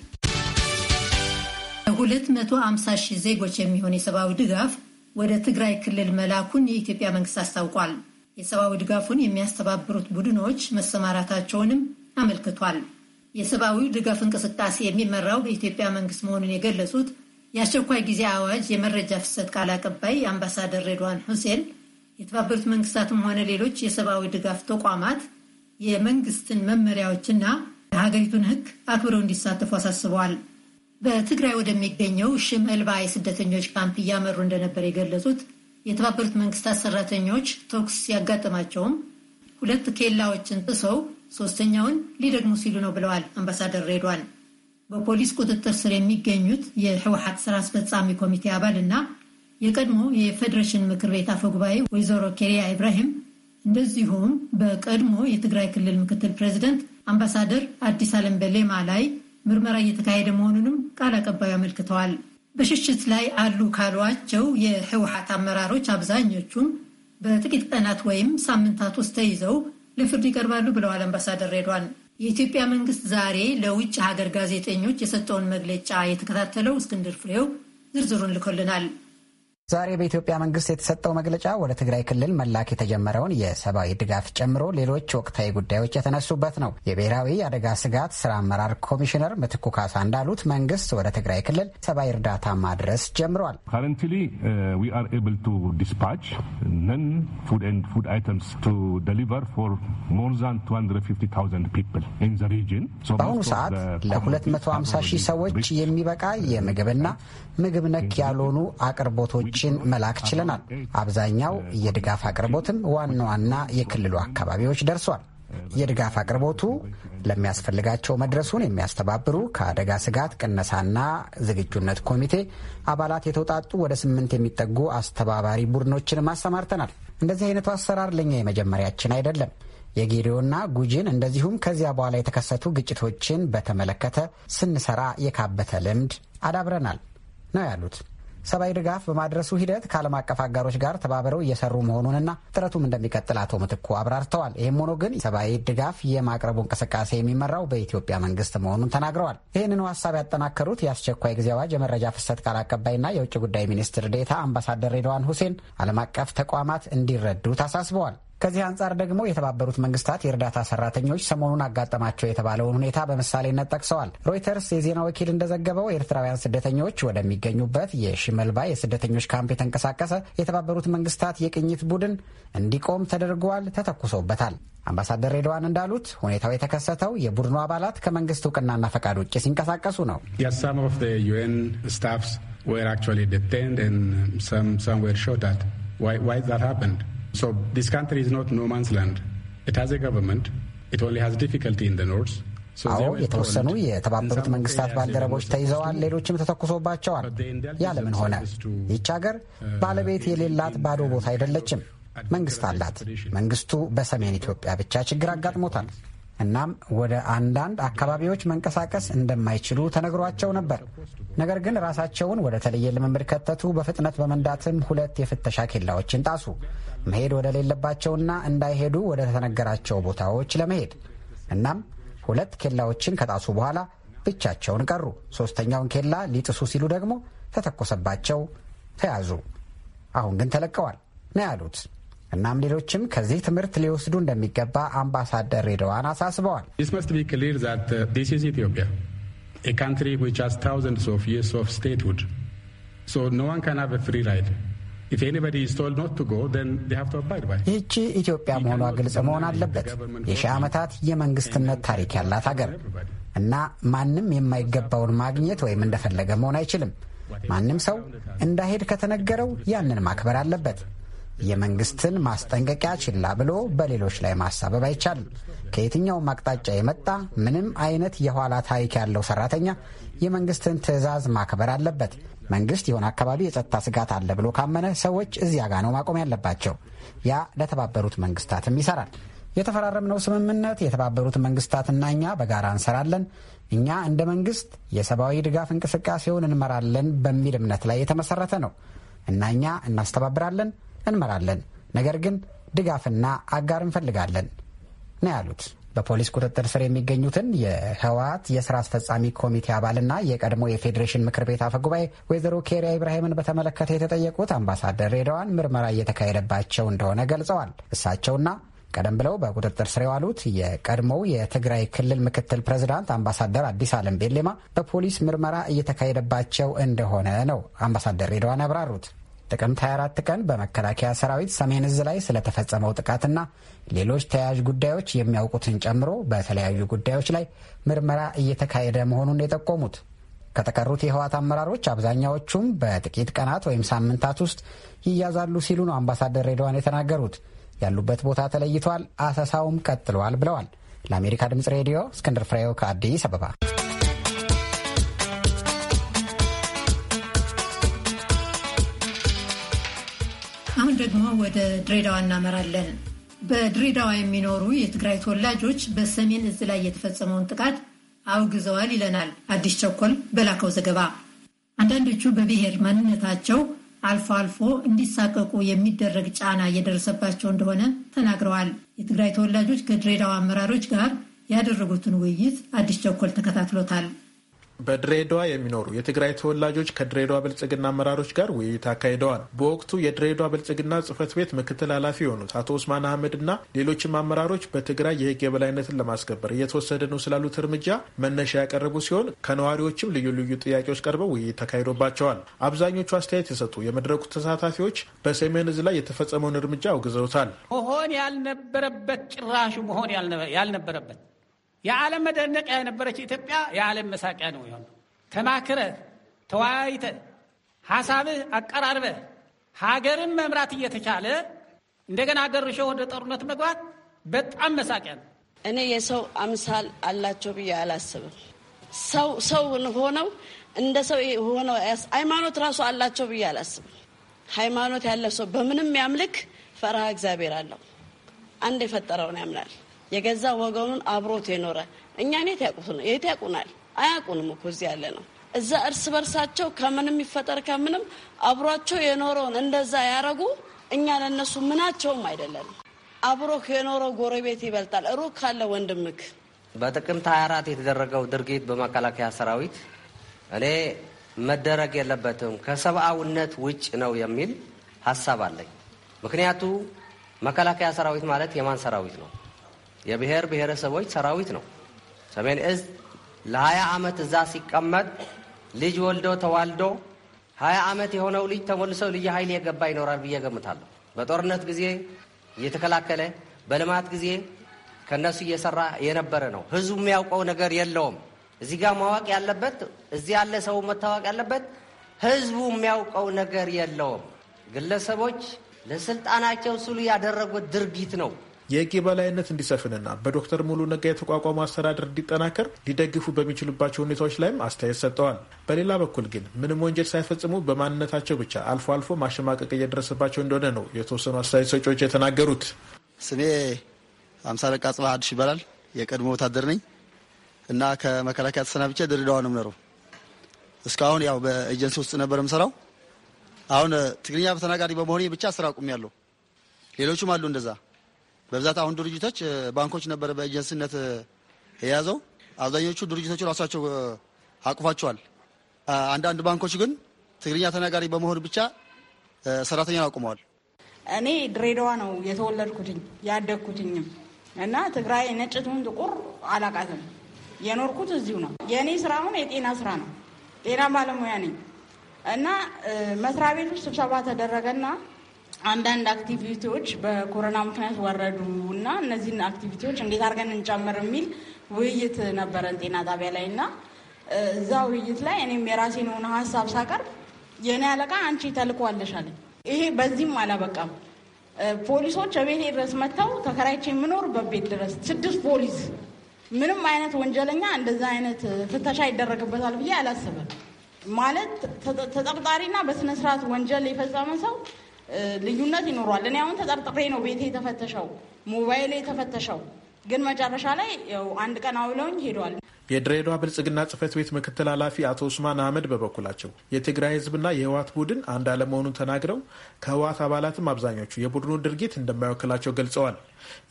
250 ሺህ ዜጎች የሚሆን የሰብአዊ ድጋፍ ወደ ትግራይ ክልል መላኩን የኢትዮጵያ መንግስት አስታውቋል። የሰብአዊ ድጋፉን የሚያስተባብሩት ቡድኖች መሰማራታቸውንም አመልክቷል። የሰብአዊ ድጋፍ እንቅስቃሴ የሚመራው በኢትዮጵያ መንግስት መሆኑን የገለጹት የአስቸኳይ ጊዜ አዋጅ የመረጃ ፍሰት ቃል አቀባይ አምባሳደር ሬድዋን ሁሴን የተባበሩት መንግስታትም ሆነ ሌሎች የሰብአዊ ድጋፍ ተቋማት የመንግስትን መመሪያዎችና የሀገሪቱን ሕግ አክብረው እንዲሳተፉ አሳስበዋል። በትግራይ ወደሚገኘው ሽምዕልባ የስደተኞች ካምፕ እያመሩ እንደነበር የገለጹት የተባበሩት መንግስታት ሰራተኞች ተኩስ ያጋጠማቸውም ሁለት ኬላዎችን ጥሰው ሶስተኛውን ሊደግሙ ሲሉ ነው ብለዋል አምባሳደር ሬድዋን። በፖሊስ ቁጥጥር ስር የሚገኙት የህወሓት ስራ አስፈጻሚ ኮሚቴ አባል እና የቀድሞ የፌዴሬሽን ምክር ቤት አፈ ጉባኤ ወይዘሮ ኬሪያ ኢብራሂም እንደዚሁም በቀድሞ የትግራይ ክልል ምክትል ፕሬዚደንት አምባሳደር አዲስ አለም በሌማ ላይ ምርመራ እየተካሄደ መሆኑንም ቃል አቀባዩ አመልክተዋል። በሽሽት ላይ አሉ ካሏቸው የህወሓት አመራሮች አብዛኞቹም በጥቂት ቀናት ወይም ሳምንታት ውስጥ ተይዘው ለፍርድ ይቀርባሉ ብለዋል አምባሳደር ሬድዋን። የኢትዮጵያ መንግስት ዛሬ ለውጭ ሀገር ጋዜጠኞች የሰጠውን መግለጫ የተከታተለው እስክንድር ፍሬው ዝርዝሩን ልኮልናል። ዛሬ በኢትዮጵያ መንግስት የተሰጠው መግለጫ ወደ ትግራይ ክልል መላክ የተጀመረውን የሰብአዊ ድጋፍ ጨምሮ ሌሎች ወቅታዊ ጉዳዮች የተነሱበት ነው። የብሔራዊ አደጋ ስጋት ስራ አመራር ኮሚሽነር ምትኩ ካሳ እንዳሉት መንግስት ወደ ትግራይ ክልል ሰብአዊ እርዳታ ማድረስ ጀምሯል። uh, በአሁኑ ሰዓት ለ250 ሺህ ሰዎች የሚበቃ የምግብና ምግብ ነክ ያልሆኑ አቅርቦቶች ዶኔሽን መላክ ችለናል። አብዛኛው የድጋፍ አቅርቦትም ዋና ዋና የክልሉ አካባቢዎች ደርሷል። የድጋፍ አቅርቦቱ ለሚያስፈልጋቸው መድረሱን የሚያስተባብሩ ከአደጋ ስጋት ቅነሳና ዝግጁነት ኮሚቴ አባላት የተውጣጡ ወደ ስምንት የሚጠጉ አስተባባሪ ቡድኖችንም አሰማርተናል። እንደዚህ አይነቱ አሰራር ለኛ የመጀመሪያችን አይደለም። የጌዲዮና ጉጂን እንደዚሁም ከዚያ በኋላ የተከሰቱ ግጭቶችን በተመለከተ ስንሰራ የካበተ ልምድ አዳብረናል ነው ያሉት ሰብአዊ ድጋፍ በማድረሱ ሂደት ከዓለም አቀፍ አጋሮች ጋር ተባብረው እየሰሩ መሆኑንና ጥረቱም እንደሚቀጥል አቶ ምትኩ አብራርተዋል። ይህም ሆኖ ግን ሰብአዊ ድጋፍ የማቅረቡ እንቅስቃሴ የሚመራው በኢትዮጵያ መንግስት መሆኑን ተናግረዋል። ይህንኑ ሀሳብ ያጠናከሩት የአስቸኳይ ጊዜ አዋጅ የመረጃ ፍሰት ቃል አቀባይና የውጭ ጉዳይ ሚኒስትር ዴታ አምባሳደር ሬድዋን ሁሴን ዓለም አቀፍ ተቋማት እንዲረዱ ታሳስበዋል። ከዚህ አንጻር ደግሞ የተባበሩት መንግስታት የእርዳታ ሰራተኞች ሰሞኑን አጋጠማቸው የተባለውን ሁኔታ በምሳሌነት ጠቅሰዋል። ሮይተርስ የዜና ወኪል እንደዘገበው ኤርትራውያን ስደተኞች ወደሚገኙበት የሽመልባ የስደተኞች ካምፕ የተንቀሳቀሰ የተባበሩት መንግስታት የቅኝት ቡድን እንዲቆም ተደርጓል፣ ተተኩሶበታል። አምባሳደር ሬድዋን እንዳሉት ሁኔታው የተከሰተው የቡድኑ አባላት ከመንግስት እውቅናና ፈቃድ ውጭ ሲንቀሳቀሱ ነው። ዩኤን ስታፍስ ወር አክቹዋሊ ሰም ወር ዋይ ዛት ሀፐንድ So this country is not no man's land. It has a government. It only has difficulty in the north. አዎ የተወሰኑ የተባበሩት መንግስታት ባልደረቦች ተይዘዋል፣ ሌሎችም ተተኩሶባቸዋል። ያለምን ሆነ ይህች ሀገር uh, ባለቤት የሌላት ባዶ ቦታ አይደለችም። መንግስት አላት። መንግስቱ በሰሜን ኢትዮጵያ ብቻ ችግር አጋጥሞታል። እናም ወደ አንዳንድ አካባቢዎች መንቀሳቀስ እንደማይችሉ ተነግሯቸው ነበር። ነገር ግን ራሳቸውን ወደ ተለየ ልምምድ ከተቱ። በፍጥነት በመንዳትም ሁለት የፍተሻ ኬላዎችን ጣሱ። መሄድ ወደሌለባቸውና እንዳይሄዱ ወደ ተነገራቸው ቦታዎች ለመሄድ እናም ሁለት ኬላዎችን ከጣሱ በኋላ ብቻቸውን ቀሩ። ሶስተኛውን ኬላ ሊጥሱ ሲሉ ደግሞ ተተኮሰባቸው፣ ተያዙ። አሁን ግን ተለቀዋል ነው ያሉት። እናም ሌሎችም ከዚህ ትምህርት ሊወስዱ እንደሚገባ አምባሳደር ሬድዋን አሳስበዋል። uh, ይህቺ ኢትዮጵያ መሆኗ ግልጽ መሆን አለበት። የሺህ ዓመታት የመንግስትነት ታሪክ ያላት ሀገር እና ማንም የማይገባውን ማግኘት ወይም እንደፈለገ መሆን አይችልም። ማንም ሰው እንዳሄድ ከተነገረው ያንን ማክበር አለበት። የመንግስትን ማስጠንቀቂያ ችላ ብሎ በሌሎች ላይ ማሳበብ አይቻልም። ከየትኛውም አቅጣጫ የመጣ ምንም አይነት የኋላ ታሪክ ያለው ሰራተኛ የመንግስትን ትዕዛዝ ማክበር አለበት። መንግስት የሆነ አካባቢ የጸጥታ ስጋት አለ ብሎ ካመነ ሰዎች እዚያ ጋ ነው ማቆም ያለባቸው። ያ ለተባበሩት መንግስታትም ይሰራል። የተፈራረምነው ስምምነት የተባበሩት መንግስታትና እኛ በጋራ እንሰራለን፣ እኛ እንደ መንግስት የሰብአዊ ድጋፍ እንቅስቃሴውን እንመራለን በሚል እምነት ላይ የተመሰረተ ነው እና እኛ እናስተባብራለን እንመራለን፣ ነገር ግን ድጋፍና አጋር እንፈልጋለን ነው ያሉት። በፖሊስ ቁጥጥር ስር የሚገኙትን የህወሓት የስራ አስፈጻሚ ኮሚቴ አባልና የቀድሞ የፌዴሬሽን ምክር ቤት አፈ ጉባኤ ወይዘሮ ኬሪያ ኢብራሂምን በተመለከተ የተጠየቁት አምባሳደር ሬዳዋን ምርመራ እየተካሄደባቸው እንደሆነ ገልጸዋል። እሳቸውና ቀደም ብለው በቁጥጥር ስር የዋሉት የቀድሞው የትግራይ ክልል ምክትል ፕሬዝዳንት አምባሳደር አዲስ አለም ቤሌማ በፖሊስ ምርመራ እየተካሄደባቸው እንደሆነ ነው አምባሳደር ሬዳዋን ያብራሩት። ጥቅምት 24 ቀን በመከላከያ ሰራዊት ሰሜን እዝ ላይ ስለተፈጸመው ጥቃትና ሌሎች ተያያዥ ጉዳዮች የሚያውቁትን ጨምሮ በተለያዩ ጉዳዮች ላይ ምርመራ እየተካሄደ መሆኑን የጠቆሙት ከተቀሩት የህወሓት አመራሮች አብዛኛዎቹም በጥቂት ቀናት ወይም ሳምንታት ውስጥ ይያዛሉ ሲሉ ነው አምባሳደር ሬድዋን የተናገሩት። ያሉበት ቦታ ተለይቷል፣ አሰሳውም ቀጥሏል ብለዋል። ለአሜሪካ ድምፅ ሬዲዮ እስክንድር ፍሬው ከአዲስ አበባ አሁን ደግሞ ወደ ድሬዳዋ እናመራለን። በድሬዳዋ የሚኖሩ የትግራይ ተወላጆች በሰሜን እዝ ላይ የተፈጸመውን ጥቃት አውግዘዋል ይለናል አዲስ ቸኮል በላከው ዘገባ። አንዳንዶቹ በብሔር ማንነታቸው አልፎ አልፎ እንዲሳቀቁ የሚደረግ ጫና እየደረሰባቸው እንደሆነ ተናግረዋል። የትግራይ ተወላጆች ከድሬዳዋ አመራሮች ጋር ያደረጉትን ውይይት አዲስ ቸኮል ተከታትሎታል። በድሬዳዋ የሚኖሩ የትግራይ ተወላጆች ከድሬዳዋ ብልጽግና አመራሮች ጋር ውይይት አካሂደዋል። በወቅቱ የድሬዳዋ ብልጽግና ጽህፈት ቤት ምክትል ኃላፊ የሆኑት አቶ ኡስማን አህመድ እና ሌሎችም አመራሮች በትግራይ የህግ የበላይነትን ለማስከበር እየተወሰደ ነው ስላሉት እርምጃ መነሻ ያቀረቡ ሲሆን ከነዋሪዎችም ልዩ ልዩ ጥያቄዎች ቀርበው ውይይት ተካሂዶባቸዋል። አብዛኞቹ አስተያየት የሰጡ የመድረኩ ተሳታፊዎች በሰሜን እዝ ላይ የተፈጸመውን እርምጃ አውግዘውታል። መሆን ያልነበረበት ጭራሹ መሆን ያልነበረበት የዓለም መደነቂያ የነበረች ኢትዮጵያ የዓለም መሳቂያ ነው የሆነ። ተማክረ ተወያይተ ሀሳብህ አቀራርበ ሀገርን መምራት እየተቻለ እንደገና ርሾ ወደ ጦርነት መግባት በጣም መሳቂያ ነው። እኔ የሰው አምሳል አላቸው ብዬ አላስብም። ሰው ሰው ሆነው እንደ ሰው ሆነው ሃይማኖት ራሱ አላቸው ብዬ አላስብም። ሃይማኖት ያለው ሰው በምንም ያምልክ ፈርሃ እግዚአብሔር አለው። አንድ የፈጠረውን ያምናል። የገዛ ወገኑን አብሮት የኖረ እኛን የት ያውቁት ነው የት ያውቁናል? አያውቁንም እኮ እዚህ ያለ ነው። እዛ እርስ በርሳቸው ከምንም ይፈጠር ከምንም አብሯቸው የኖረውን እንደዛ ያረጉ እኛ ለነሱ ምናቸውም አይደለንም። አብሮህ የኖረው ጎረቤት ይበልጣል። ሩቅ ካለ ወንድምክ በጥቅምት 24 የተደረገው ድርጊት በመከላከያ ሰራዊት እኔ መደረግ የለበትም ከሰብአዊነት ውጭ ነው የሚል ሀሳብ አለኝ። ምክንያቱ መከላከያ ሰራዊት ማለት የማን ሰራዊት ነው? የብሔር ብሔረሰቦች ሰራዊት ነው። ሰሜን እዝ ለሀያ ዓመት እዛ ሲቀመጥ ልጅ ወልዶ ተዋልዶ ሀያ ዓመት የሆነው ልጅ ተመልሶ ልዩ ኃይል የገባ ይኖራል ብዬ ገምታለሁ። በጦርነት ጊዜ እየተከላከለ በልማት ጊዜ ከእነሱ እየሰራ የነበረ ነው። ህዝቡ የሚያውቀው ነገር የለውም። እዚህ ጋር ማወቅ ያለበት እዚህ ያለ ሰው መታወቅ ያለበት ህዝቡ የሚያውቀው ነገር የለውም። ግለሰቦች ለስልጣናቸው ስሉ ያደረጉት ድርጊት ነው። የህግ የበላይነት እንዲሰፍንና በዶክተር ሙሉ ነጋ የተቋቋሙ አስተዳደር እንዲጠናከር ሊደግፉ በሚችሉባቸው ሁኔታዎች ላይም አስተያየት ሰጠዋል። በሌላ በኩል ግን ምንም ወንጀል ሳይፈጽሙ በማንነታቸው ብቻ አልፎ አልፎ ማሸማቀቅ እየደረሰባቸው እንደሆነ ነው የተወሰኑ አስተያየት ሰጪዎች የተናገሩት። ስሜ አምሳ አለቃ ጽባ አድሽ ይባላል። የቀድሞ ወታደር ነኝ እና ከመከላከያ ተሰናብቼ ድሬዳዋ ነው የምኖረው። እስካሁን ያው በኤጀንሲ ውስጥ ነበር የምሰራው። አሁን ትግርኛ በተናጋሪ በመሆኔ ብቻ ስራ አቁሜያለሁ። ሌሎችም አሉ እንደዛ በብዛት አሁን ድርጅቶች ባንኮች ነበረ በኤጀንሲነት የያዘው። አብዛኞቹ ድርጅቶች ራሳቸው አቅፏቸዋል። አንዳንድ ባንኮች ግን ትግርኛ ተናጋሪ በመሆን ብቻ ሰራተኛ አቁመዋል። እኔ ድሬዳዋ ነው የተወለድኩትኝ ያደግኩትኝም እና ትግራይ ነጭቱን ጥቁር አላቃትም። የኖርኩት እዚሁ ነው። የእኔ ስራ አሁን የጤና ስራ ነው። ጤና ባለሙያ ነኝ እና መስሪያ ቤቱ ስብሰባ ተደረገና አንዳንድ አክቲቪቲዎች በኮሮና ምክንያት ወረዱ እና እነዚህን አክቲቪቲዎች እንዴት አድርገን እንጨምር የሚል ውይይት ነበረን ጤና ጣቢያ ላይ እና እዛ ውይይት ላይ እኔም የራሴን የሆነ ሀሳብ ሳቀርብ የእኔ አለቃ አንቺ ተልኮዋለሽ አለሻለኝ። ይሄ በዚህም አላበቃም። ፖሊሶች ቤቴ ድረስ መጥተው ተከራይቼ የምኖርበት ቤት ድረስ ስድስት ፖሊስ ምንም አይነት ወንጀለኛ እንደዛ አይነት ፍተሻ ይደረግበታል ብዬ አላስብም። ማለት ተጠርጣሪና በስነስርዓት ወንጀል የፈጸመ ሰው ልዩነት ይኖረዋል። እኔ አሁን ተጠርጥሬ ነው ቤቴ የተፈተሸው፣ ሞባይሌ የተፈተሸው ግን መጨረሻ ላይ ያው አንድ ቀን አውለውኝ ሄደዋል። የድሬዳዋ ብልጽግና ጽህፈት ቤት ምክትል ኃላፊ አቶ ኡስማን አህመድ በበኩላቸው የትግራይ ህዝብና የህወሀት ቡድን አንድ አለመሆኑን ተናግረው ከህወሀት አባላትም አብዛኞቹ የቡድኑ ድርጊት እንደማይወክላቸው ገልጸዋል።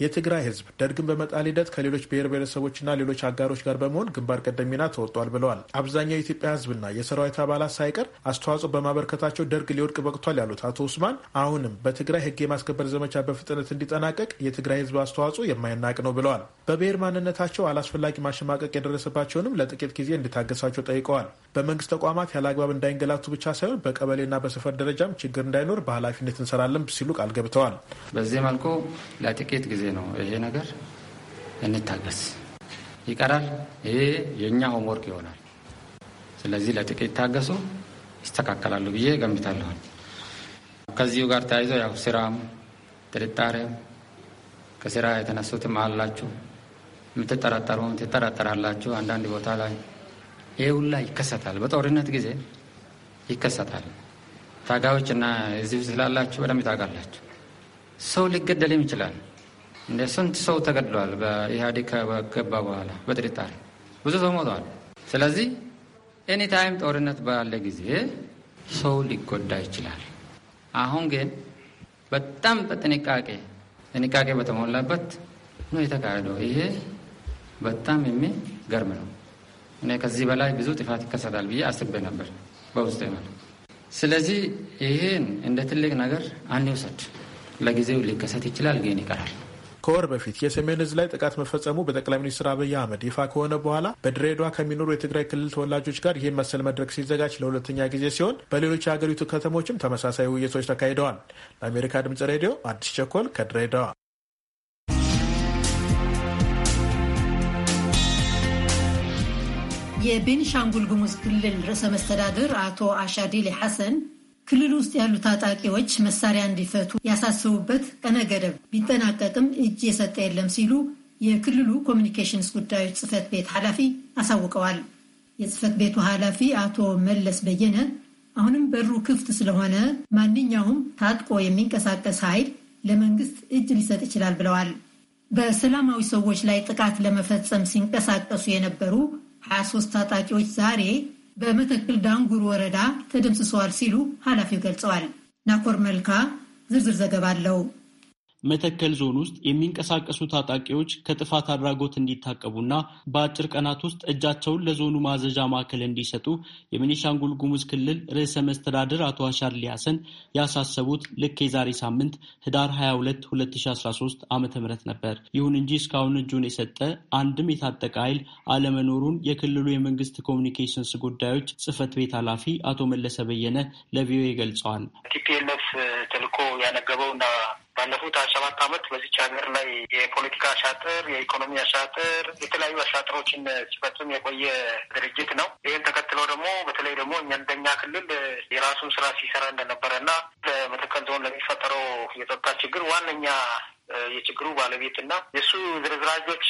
የትግራይ ህዝብ ደርግን በመጣል ሂደት ከሌሎች ብሔር ብሔረሰቦችና ሌሎች አጋሮች ጋር በመሆን ግንባር ቀደም ሚና ተወጥቷል ብለዋል። አብዛኛው የኢትዮጵያ ህዝብና የሰራዊት አባላት ሳይቀር አስተዋጽኦ በማበርከታቸው ደርግ ሊወድቅ በቅቷል ያሉት አቶ ኡስማን አሁንም በትግራይ ህግ የማስከበር ዘመቻ በፍጥነት እንዲጠናቀቅ የትግራይ ህዝብ አስተዋጽኦ የማይናቅ ነው ብለዋል። በብሔር ማንነታቸው አላስፈላጊ ማሸማቀቅ የደረሰ የሚደርስባቸውንም ለጥቂት ጊዜ እንዲታገሳቸው ጠይቀዋል። በመንግስት ተቋማት ያለ አግባብ እንዳይንገላቱ ብቻ ሳይሆን በቀበሌና በሰፈር ደረጃም ችግር እንዳይኖር በኃላፊነት እንሰራለን ሲሉ ቃል ገብተዋል። በዚህ መልኩ ለጥቂት ጊዜ ነው ይሄ ነገር እንታገስ ይቀራል። ይሄ የእኛ ሆምወርክ ይሆናል። ስለዚህ ለጥቂት ታገሱ፣ ይስተካከላሉ ብዬ ገምታለሁ። ከዚሁ ጋር ተያይዞ ያው ስራም ጥርጣሬም ከስራ የተነሱትም አላችሁ የምትጠራጠሩም ትጠራጠራላችሁ። አንዳንድ ቦታ ላይ ይህ ሁላ ይከሰታል። በጦርነት ጊዜ ይከሰታል። ታጋዮችና እዚህ ስላላችሁ በደንብ ታውቃላችሁ። ሰው ሊገደልም ይችላል። እንደ ስንት ሰው ተገድሏል። በኢህአዴግ ከገባ በኋላ በጥርጣሬ ብዙ ሰው ሞተዋል። ስለዚህ ኤኒ ታይም ጦርነት ባለ ጊዜ ሰው ሊጎዳ ይችላል። አሁን ግን በጣም በጥንቃቄ ጥንቃቄ በተሞላበት ነው የተካሄደው ይሄ በጣም የሚገርም ነው። እኔ ከዚህ በላይ ብዙ ጥፋት ይከሰታል ብዬ አስቤ ነበር በውስጤ ማለት። ስለዚህ ይህን እንደ ትልቅ ነገር አንውሰድ። ለጊዜው ሊከሰት ይችላል፣ ግን ይቀራል። ከወር በፊት የሰሜን ህዝብ ላይ ጥቃት መፈጸሙ በጠቅላይ ሚኒስትር አብይ አህመድ ይፋ ከሆነ በኋላ በድሬዳዋ ከሚኖሩ የትግራይ ክልል ተወላጆች ጋር ይህን መሰል መድረክ ሲዘጋጅ ለሁለተኛ ጊዜ ሲሆን በሌሎች የሀገሪቱ ከተሞችም ተመሳሳይ ውይይቶች ተካሂደዋል። ለአሜሪካ ድምጽ ሬዲዮ አዲስ ቸኮል ከድሬዳዋ የቤኒሻንጉል ጉሙዝ ክልል ርዕሰ መስተዳድር አቶ አሻዴሌ ሐሰን ክልል ውስጥ ያሉ ታጣቂዎች መሳሪያ እንዲፈቱ ያሳሰቡበት ቀነ ገደብ ቢጠናቀቅም እጅ የሰጠ የለም ሲሉ የክልሉ ኮሚኒኬሽንስ ጉዳዮች ጽህፈት ቤት ኃላፊ አሳውቀዋል። የጽህፈት ቤቱ ኃላፊ አቶ መለስ በየነ አሁንም በሩ ክፍት ስለሆነ ማንኛውም ታጥቆ የሚንቀሳቀስ ኃይል ለመንግስት እጅ ሊሰጥ ይችላል ብለዋል። በሰላማዊ ሰዎች ላይ ጥቃት ለመፈጸም ሲንቀሳቀሱ የነበሩ 23 ታጣቂዎች ዛሬ በመተክል ዳንጉር ወረዳ ተደምስሰዋል ሲሉ ኃላፊው ገልጸዋል። ናኮር መልካ ዝርዝር ዘገባ አለው። መተከል ዞን ውስጥ የሚንቀሳቀሱ ታጣቂዎች ከጥፋት አድራጎት እንዲታቀቡና በአጭር ቀናት ውስጥ እጃቸውን ለዞኑ ማዘዣ ማዕከል እንዲሰጡ የቤኒሻንጉል ጉሙዝ ክልል ርዕሰ መስተዳድር አቶ አሻር ሊያሰን ያሳሰቡት ልክ የዛሬ ሳምንት ህዳር 22 2013 ዓ ም ነበር። ይሁን እንጂ እስካሁን እጁን የሰጠ አንድም የታጠቀ ኃይል አለመኖሩን የክልሉ የመንግስት ኮሚኒኬሽንስ ጉዳዮች ጽህፈት ቤት ኃላፊ አቶ መለሰ በየነ ለቪኦኤ ገልጸዋል። ቲፒኤልኤፍ ተልኮ ያነገበውና ባለፉት ሀያ ሰባት አመት በዚች ሀገር ላይ የፖለቲካ አሻጥር፣ የኢኮኖሚ አሻጥር፣ የተለያዩ አሻጥሮችን ሲፈጽም የቆየ ድርጅት ነው። ይህን ተከትሎ ደግሞ በተለይ ደግሞ እንደኛ ክልል የራሱን ስራ ሲሰራ እንደነበረ እና በመተከል ዞን ለሚፈጠረው የጸጥታ ችግር ዋነኛ የችግሩ ባለቤት እና የእሱ ዝርዝራጆች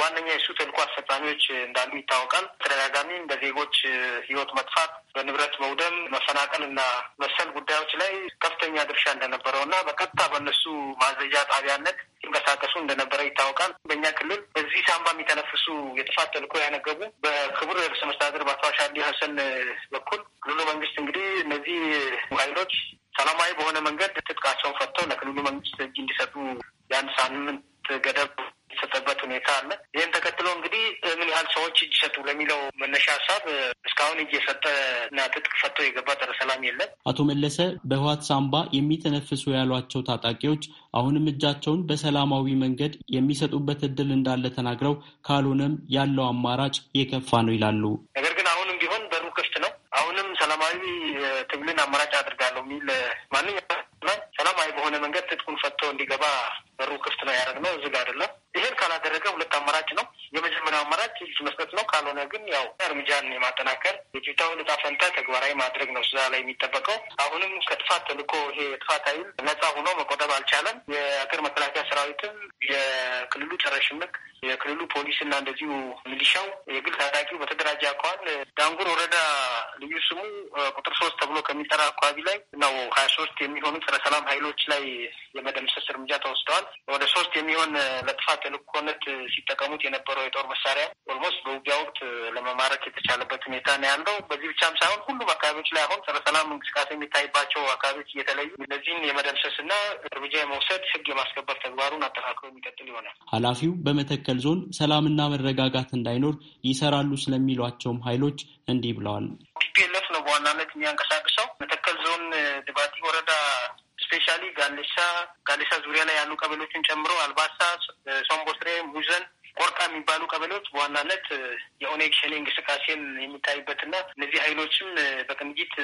ዋነኛ የእሱ ተልዕኮ አስፈጻሚዎች እንዳሉ ይታወቃል። ተደጋጋሚም በዜጎች ህይወት መጥፋት፣ በንብረት መውደም፣ መፈናቀል እና መሰል ጉዳዮች ላይ ከፍተኛ ድርሻ እንደነበረው እና በቀጥታ በእነሱ ማዘዣ ጣቢያነት ሲንቀሳቀሱ እንደነበረ ይታወቃል። በእኛ ክልል በዚህ ሳምባ የሚተነፍሱ የጥፋት ተልዕኮ ያነገቡ በክቡር ርዕሰ መስተዳድር በአቶ ሀሰን በኩል ክልሉ መንግስት እንግዲህ እነዚህ ኃይሎች ሰላማዊ በሆነ መንገድ ትጥቃቸውን ፈተው ለክልሉ መንግስት እጅ እንዲሰጡ የአንድ ሳምንት ገደብ የተሰጠበት ሁኔታ አለ። ይህን ተከትሎ እንግዲህ ምን ያህል ሰዎች እጅ ሰጡ ለሚለው መነሻ ሀሳብ እስካሁን እጅ የሰጠ እና ትጥቅ ፈቶ የገባ ጠረ ሰላም የለም። አቶ መለሰ በህዋት ሳምባ የሚተነፍሱ ያሏቸው ታጣቂዎች አሁንም እጃቸውን በሰላማዊ መንገድ የሚሰጡበት እድል እንዳለ ተናግረው ካልሆነም ያለው አማራጭ የከፋ ነው ይላሉ። ነገር ግን አካባቢ ትግልን አማራጭ አድርጋለሁ የሚል ማንኛውም ሰላማዊ በሆነ መንገድ ትጥቁን ፈቶ እንዲገባ በሩ ክፍት ነው ያደረግነው፣ ዝግ አይደለም። ይሄን ካላደረገ ሁለት አማራጭ ነው። የመጀመሪያው አማራጭ እጅ መስጠት ነው። ካልሆነ ግን ያው እርምጃን የማጠናከር የጅታውን ዕጣ ፈንታ ተግባራዊ ማድረግ ነው እዛ ላይ የሚጠበቀው። አሁንም ከጥፋት ተልእኮ ይሄ ጥፋት ኃይል ነጻ ሆኖ መቆጠብ አልቻለም። የአገር ሰራዊትም የክልሉ ጸረ ሽምቅ የክልሉ ፖሊስና እንደዚሁ ሚሊሻው የግል ታጣቂው በተደራጀ አኳኋን ዳንጉር ወረዳ ልዩ ስሙ ቁጥር ሶስት ተብሎ ከሚጠራ አካባቢ ላይ ነው ሀያ ሶስት የሚሆኑ ጸረ ሰላም ኃይሎች ላይ የመደምሰስ እርምጃ ተወስደዋል። ወደ ሶስት የሚሆን ለጥፋት ተልእኮነት ሲጠቀሙት የነበረው የጦር መሳሪያ ኦልሞስት በውጊያ ወቅት ለመማረክ የተቻለበት ሁኔታ ነው ያለው። በዚህ ብቻም ሳይሆን ሁሉም አካባቢዎች ላይ አሁን ጸረ ሰላም እንቅስቃሴ የሚታይባቸው አካባቢዎች እየተለዩ እነዚህን የመደምሰስና እርምጃ የመውሰድ ህግ የማስከበር ተግባር ተግባሩን አጠናክሮ የሚቀጥል ይሆናል። ኃላፊው በመተከል ዞን ሰላምና መረጋጋት እንዳይኖር ይሰራሉ ስለሚሏቸውም ኃይሎች እንዲህ ብለዋል። ቲፒኤልኤፍ ነው በዋናነት የሚያንቀሳቅሰው መተከል ዞን ድባቲ ወረዳ ስፔሻሊ ጋሌሳ ጋሌሳ ዙሪያ ላይ ያሉ ቀበሌዎችን ጨምሮ አልባሳ፣ ሶምቦስሬ፣ ሙዘን ቆርጣ የሚባሉ ቀበሌዎች በዋናነት የኦነግ ሸኔ እንቅስቃሴን የሚታይበትና እነዚህ ኃይሎችም በቅንጅት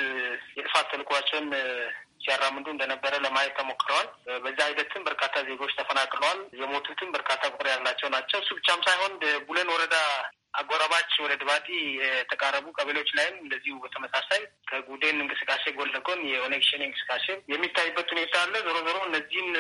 የጥፋት ተልኳቸውን ሲያራምዱ እንደነበረ ለማየት ተሞክረዋል። በዛ ሂደትም በርካታ ዜጎች ተፈናቅለዋል። የሞቱትም በርካታ ቁጥር ያላቸው ናቸው። እሱ ብቻም ሳይሆን ቡለን ወረዳ አጎራባች ወደ ድባጢ የተቃረቡ ቀበሌዎች ላይም እንደዚሁ በተመሳሳይ ከጉዴን እንቅስቃሴ ጎን ለጎን የኦነግ ሸኔ እንቅስቃሴ የሚታይበት ሁኔታ አለ። ዞሮ ዞሮ እነዚህን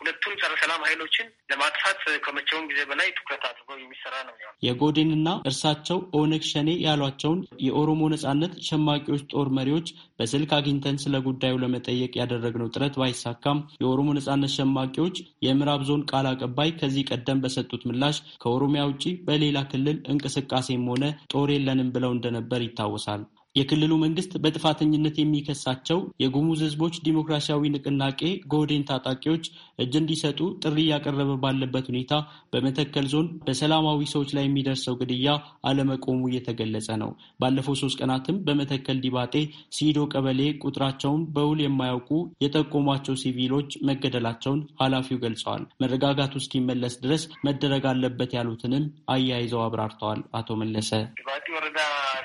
ሁለቱም ጸረ ሰላም ኃይሎችን ለማጥፋት ከመቼውም ጊዜ በላይ ትኩረት አድርጎ የሚሰራ ነው የሚሆነው። የጎዴንና እርሳቸው ኦነግ ሸኔ ያሏቸውን የኦሮሞ ነጻነት ሸማቂዎች ጦር መሪዎች በስልክ አግኝተን ስለ ጉዳዩ ለመጠየቅ ያደረግነው ጥረት ባይሳካም የኦሮሞ ነጻነት ሸማቂዎች የምዕራብ ዞን ቃል አቀባይ ከዚህ ቀደም በሰጡት ምላሽ ከኦሮሚያ ውጭ በሌላ ክልል እንቅስቃሴም ሆነ ጦር የለንም ብለው እንደነበር ይታወሳል። የክልሉ መንግስት በጥፋተኝነት የሚከሳቸው የጉሙዝ ህዝቦች ዲሞክራሲያዊ ንቅናቄ ጎህዴን ታጣቂዎች እጅ እንዲሰጡ ጥሪ እያቀረበ ባለበት ሁኔታ በመተከል ዞን በሰላማዊ ሰዎች ላይ የሚደርሰው ግድያ አለመቆሙ እየተገለጸ ነው። ባለፈው ሶስት ቀናትም በመተከል ዲባጤ ሲዶ ቀበሌ ቁጥራቸውን በውል የማያውቁ የጠቆሟቸው ሲቪሎች መገደላቸውን ኃላፊው ገልጸዋል። መረጋጋቱ እስኪመለስ ድረስ መደረግ አለበት ያሉትንም አያይዘው አብራርተዋል። አቶ መለሰ ዲባጤ ወረዳ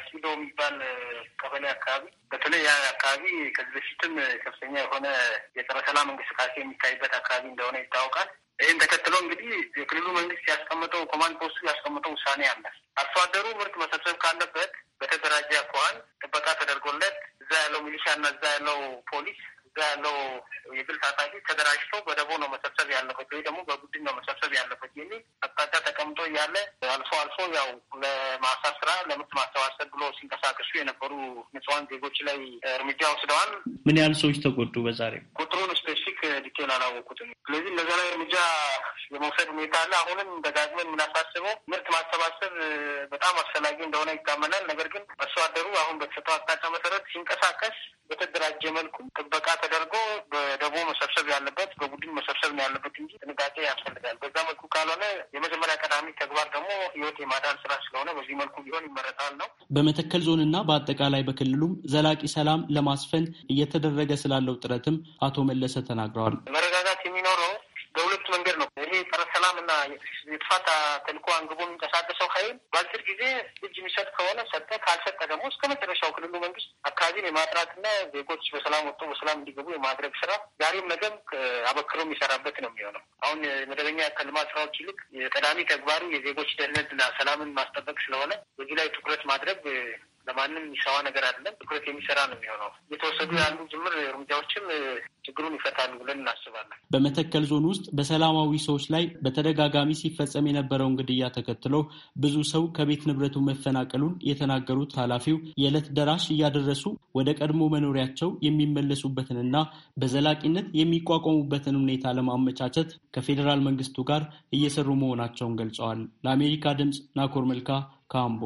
ሲዶ የሚባል ቀበሌ አካባቢ በተለይ ያ አካባቢ ከዚህ በፊትም ከፍተኛ የሆነ የጸረ ሰላም እንቅስቃሴ የሚታይበት አካባቢ እንደሆነ ይታወቃል። ይህም ተከትሎ እንግዲህ የክልሉ መንግስት ያስቀምጠው ኮማንድ ፖስቱ ያስቀምጠው ውሳኔ አለ። አርሶ አደሩ ምርት መሰብሰብ ካለበት በተደራጀ አኳኋን ጥበቃ ተደርጎለት እዛ ያለው ሚሊሻ እና እዛ ያለው ፖሊስ ያለው የግል ታጣቂ ተደራጅቶ በደቦ ነው መሰብሰብ ያለበት ወይ ደግሞ በቡድን ነው መሰብሰብ ያለበት የሚል አቅጣጫ ተቀምጦ እያለ አልፎ አልፎ ያው ለማሳ ስራ ለምርት ማሰባሰብ ብሎ ሲንቀሳቀሱ የነበሩ ንጹሃን ዜጎች ላይ እርምጃ ወስደዋል። ምን ያህል ሰዎች ተጎዱ? በዛሬ ቁጥሩን ስፔሲፊክ ዲቴል አላወቁትም። ስለዚህ እነዚ ላይ እርምጃ የመውሰድ ሁኔታ አለ። አሁንም ደጋግመን የምናሳስበው ምርት ማሰባሰብ በጣም አስፈላጊ እንደሆነ ይታመናል። ነገር ግን አርሶ አደሩ አሁን በተሰጠው አቅጣጫ መሰረት ሲንቀሳቀስ በተደራጀ መልኩ ጥበቃ ተደርጎ በደቦ መሰብሰብ ያለበት በቡድን መሰብሰብ ነው ያለበት እንጂ ጥንቃቄ ያስፈልጋል። በዛ መልኩ ካልሆነ የመጀመሪያ ቀዳሚ ተግባር ደግሞ ህይወት የማዳን ስራ ስለሆነ በዚህ መልኩ ቢሆን ይመረጣል ነው። በመተከል ዞንና በአጠቃላይ በክልሉም ዘላቂ ሰላም ለማስፈን እየተደረገ ስላለው ጥረትም አቶ መለሰ ተናግረዋል። መረጋጋት የሚኖረው የተፋታ ተልኮ አንግቦ የሚንቀሳቀሰው ኃይል በአጭር ጊዜ እጅ የሚሰጥ ከሆነ ሰጠ፣ ካልሰጠ ደግሞ እስከ መጨረሻው ክልሉ መንግስት አካባቢን የማጥራትና ዜጎች በሰላም ወጥቶ በሰላም እንዲገቡ የማድረግ ስራ ዛሬም ነገም አበክሮ የሚሰራበት ነው የሚሆነው። አሁን መደበኛ ከልማት ስራዎች ይልቅ የቀዳሚ ተግባሩ የዜጎች ደህንነትና ሰላምን ማስጠበቅ ስለሆነ በዚህ ላይ ትኩረት ማድረግ ለማንም የሚሰዋ ነገር አይደለም። ትኩረት የሚሰራ ነው የሚሆነው። እየተወሰዱ ያሉ ጅምር እርምጃዎችም ችግሩን ይፈታሉ ብለን እናስባለን። በመተከል ዞን ውስጥ በሰላማዊ ሰዎች ላይ በተደጋጋሚ ሲፈጸም የነበረውን ግድያ ተከትሎ ብዙ ሰው ከቤት ንብረቱ መፈናቀሉን የተናገሩት ኃላፊው የዕለት ደራሽ እያደረሱ ወደ ቀድሞ መኖሪያቸው የሚመለሱበትንና በዘላቂነት የሚቋቋሙበትን ሁኔታ ለማመቻቸት ከፌዴራል መንግስቱ ጋር እየሰሩ መሆናቸውን ገልጸዋል። ለአሜሪካ ድምፅ ናኮር መልካ ካምቦ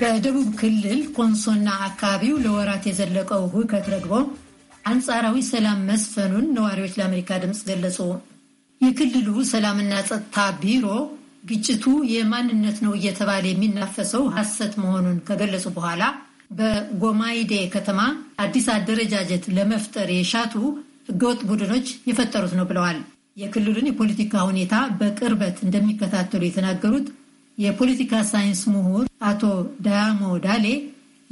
በደቡብ ክልል ኮንሶና አካባቢው ለወራት የዘለቀው ሁከት ረግቦ አንጻራዊ ሰላም መስፈኑን ነዋሪዎች ለአሜሪካ ድምፅ ገለጹ። የክልሉ ሰላምና ጸጥታ ቢሮ ግጭቱ የማንነት ነው እየተባለ የሚናፈሰው ሐሰት መሆኑን ከገለጹ በኋላ በጎማይዴ ከተማ አዲስ አደረጃጀት ለመፍጠር የሻቱ ህገወጥ ቡድኖች የፈጠሩት ነው ብለዋል። የክልሉን የፖለቲካ ሁኔታ በቅርበት እንደሚከታተሉ የተናገሩት የፖለቲካ ሳይንስ ምሁር አቶ ዳያሞ ዳሌ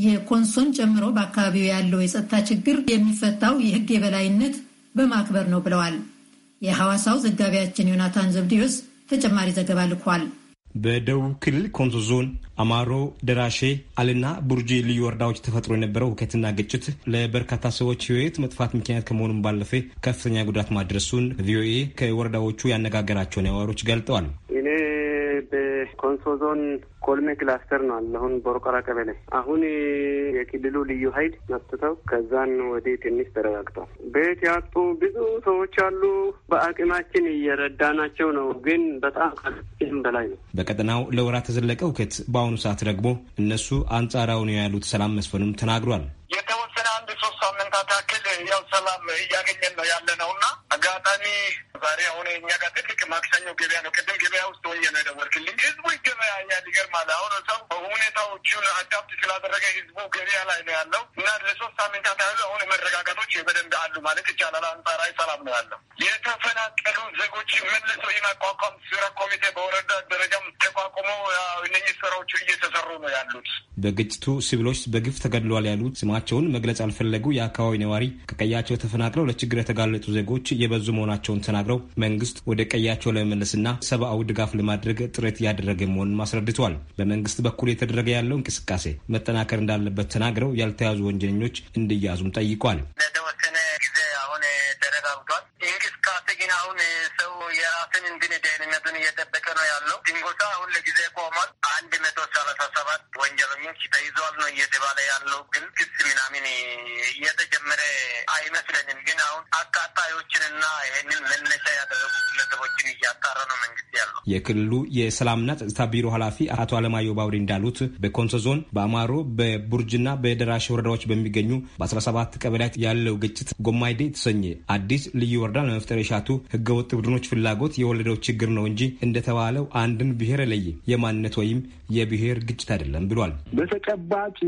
የኮንሶን ጨምሮ በአካባቢው ያለው የጸጥታ ችግር የሚፈታው የሕግ የበላይነት በማክበር ነው ብለዋል። የሐዋሳው ዘጋቢያችን ዮናታን ዘብዲዮስ ተጨማሪ ዘገባ ልኳል። በደቡብ ክልል ኮንሶ ዞን አማሮ፣ ደራሼ፣ አልና ቡርጂ ልዩ ወረዳዎች ተፈጥሮ የነበረው ውከትና ግጭት ለበርካታ ሰዎች ሕይወት መጥፋት ምክንያት ከመሆኑም ባለፈ ከፍተኛ ጉዳት ማድረሱን ቪኦኤ ከወረዳዎቹ ያነጋገራቸውን ነዋሪዎች ገልጠዋል። ኮንሶ ዞን ኮልሜ ክላስተር ነው አለ አሁን ቦርቆራ ቀበሌ አሁን የክልሉ ልዩ ኃይል መጥተው ከዛን ወደ ትንሽ ተረጋግቷል። ቤት ያጡ ብዙ ሰዎች አሉ። በአቅማችን እየረዳናቸው ነው፣ ግን በጣም ከአቅማችን በላይ ነው። በቀጠናው ለወራት የዘለቀ እውከት በአሁኑ ሰዓት ደግሞ እነሱ አንጻራውን ያሉት ሰላም መስፈኑም ተናግሯል። የተወሰነ አንድ ሶስት ሳምንታት ያክል ያው ሰላም እያገኘን ነው ያለ ነው እና አጋጣሚ ዛሬ አሁን እኛ ጋር ትልቅ ማክሰኞ ገበያ ነው። ቅድም ገበያ ውስጥ ሆኜ ነው የደወልክልኝ። ህዝቡ ይገበያያል። ይገርማል። አሁን ሰው ሁኔታዎቹን አዳፕት ስላደረገ ህዝቡ ገበያ ላይ ነው ያለው እና ለሶስት ሳምንታት ያሉ አሁን መረጋጋቶች በደንብ አሉ ማለት ይቻላል። አንጻራዊ ሰላም ነው ያለው። የተፈናቀሉ ዜጎች መልሶ የማቋቋም ስራ ኮሚቴ በወረዳ ደረጃም ተቋቁሞ እነኚህ ስራዎቹ እየተሰሩ ነው ያሉት። በግጭቱ ሲቪሎች በግፍ ተገድሏል ያሉት ስማቸውን መግለ መግለጽ ያልፈለጉ የአካባቢ ነዋሪ ከቀያቸው ተፈናቅለው ለችግር የተጋለጡ ዜጎች የበዙ መሆናቸውን ተናግረው መንግስት ወደ ቀያቸው ለመመለስና ሰብአዊ ድጋፍ ለማድረግ ጥረት እያደረገ መሆኑን አስረድተዋል። በመንግስት በኩል የተደረገ ያለው እንቅስቃሴ መጠናከር እንዳለበት ተናግረው ያልተያዙ ወንጀለኞች እንዲያዙም ጠይቋል። ለተወሰነ ጊዜ አሁን ተረጋግቷል። ግን አሁን ሰው የራስን እንግን ደህንነቱን እየጠበቀ ነው ያለው። ድንጎሳ አሁን ለጊዜ ቆሟል። አንድ መቶ ሰላሳ ሰባት ወንጀለኞች ተይዟል ነው እየተባለ ያለው ግን ክስ ምናምን እየተጀመረ አይመስለንም። ግን አሁን አቃጣዮችንና ይህንን መነሻ ያደረጉ ግለሰቦችን እያጣራ ነው መንግስት ያለው። የክልሉ የሰላምና ጸጥታ ቢሮ ኃላፊ አቶ አለማየሁ ባውሪ እንዳሉት በኮንሶ ዞን በአማሮ በቡርጅና በደራሽ ወረዳዎች በሚገኙ በ17 ቀበሌያት ያለው ግጭት ጎማይዴ የተሰኘ አዲስ ልዩ ወረዳ ለመፍጠር የሻ መምጣቱ ህገወጥ ቡድኖች ፍላጎት የወለደው ችግር ነው እንጂ እንደተባለው አንድን ብሔር ለይ የማንነት ወይም የብሔር ግጭት አይደለም ብሏል። በተጨባጭ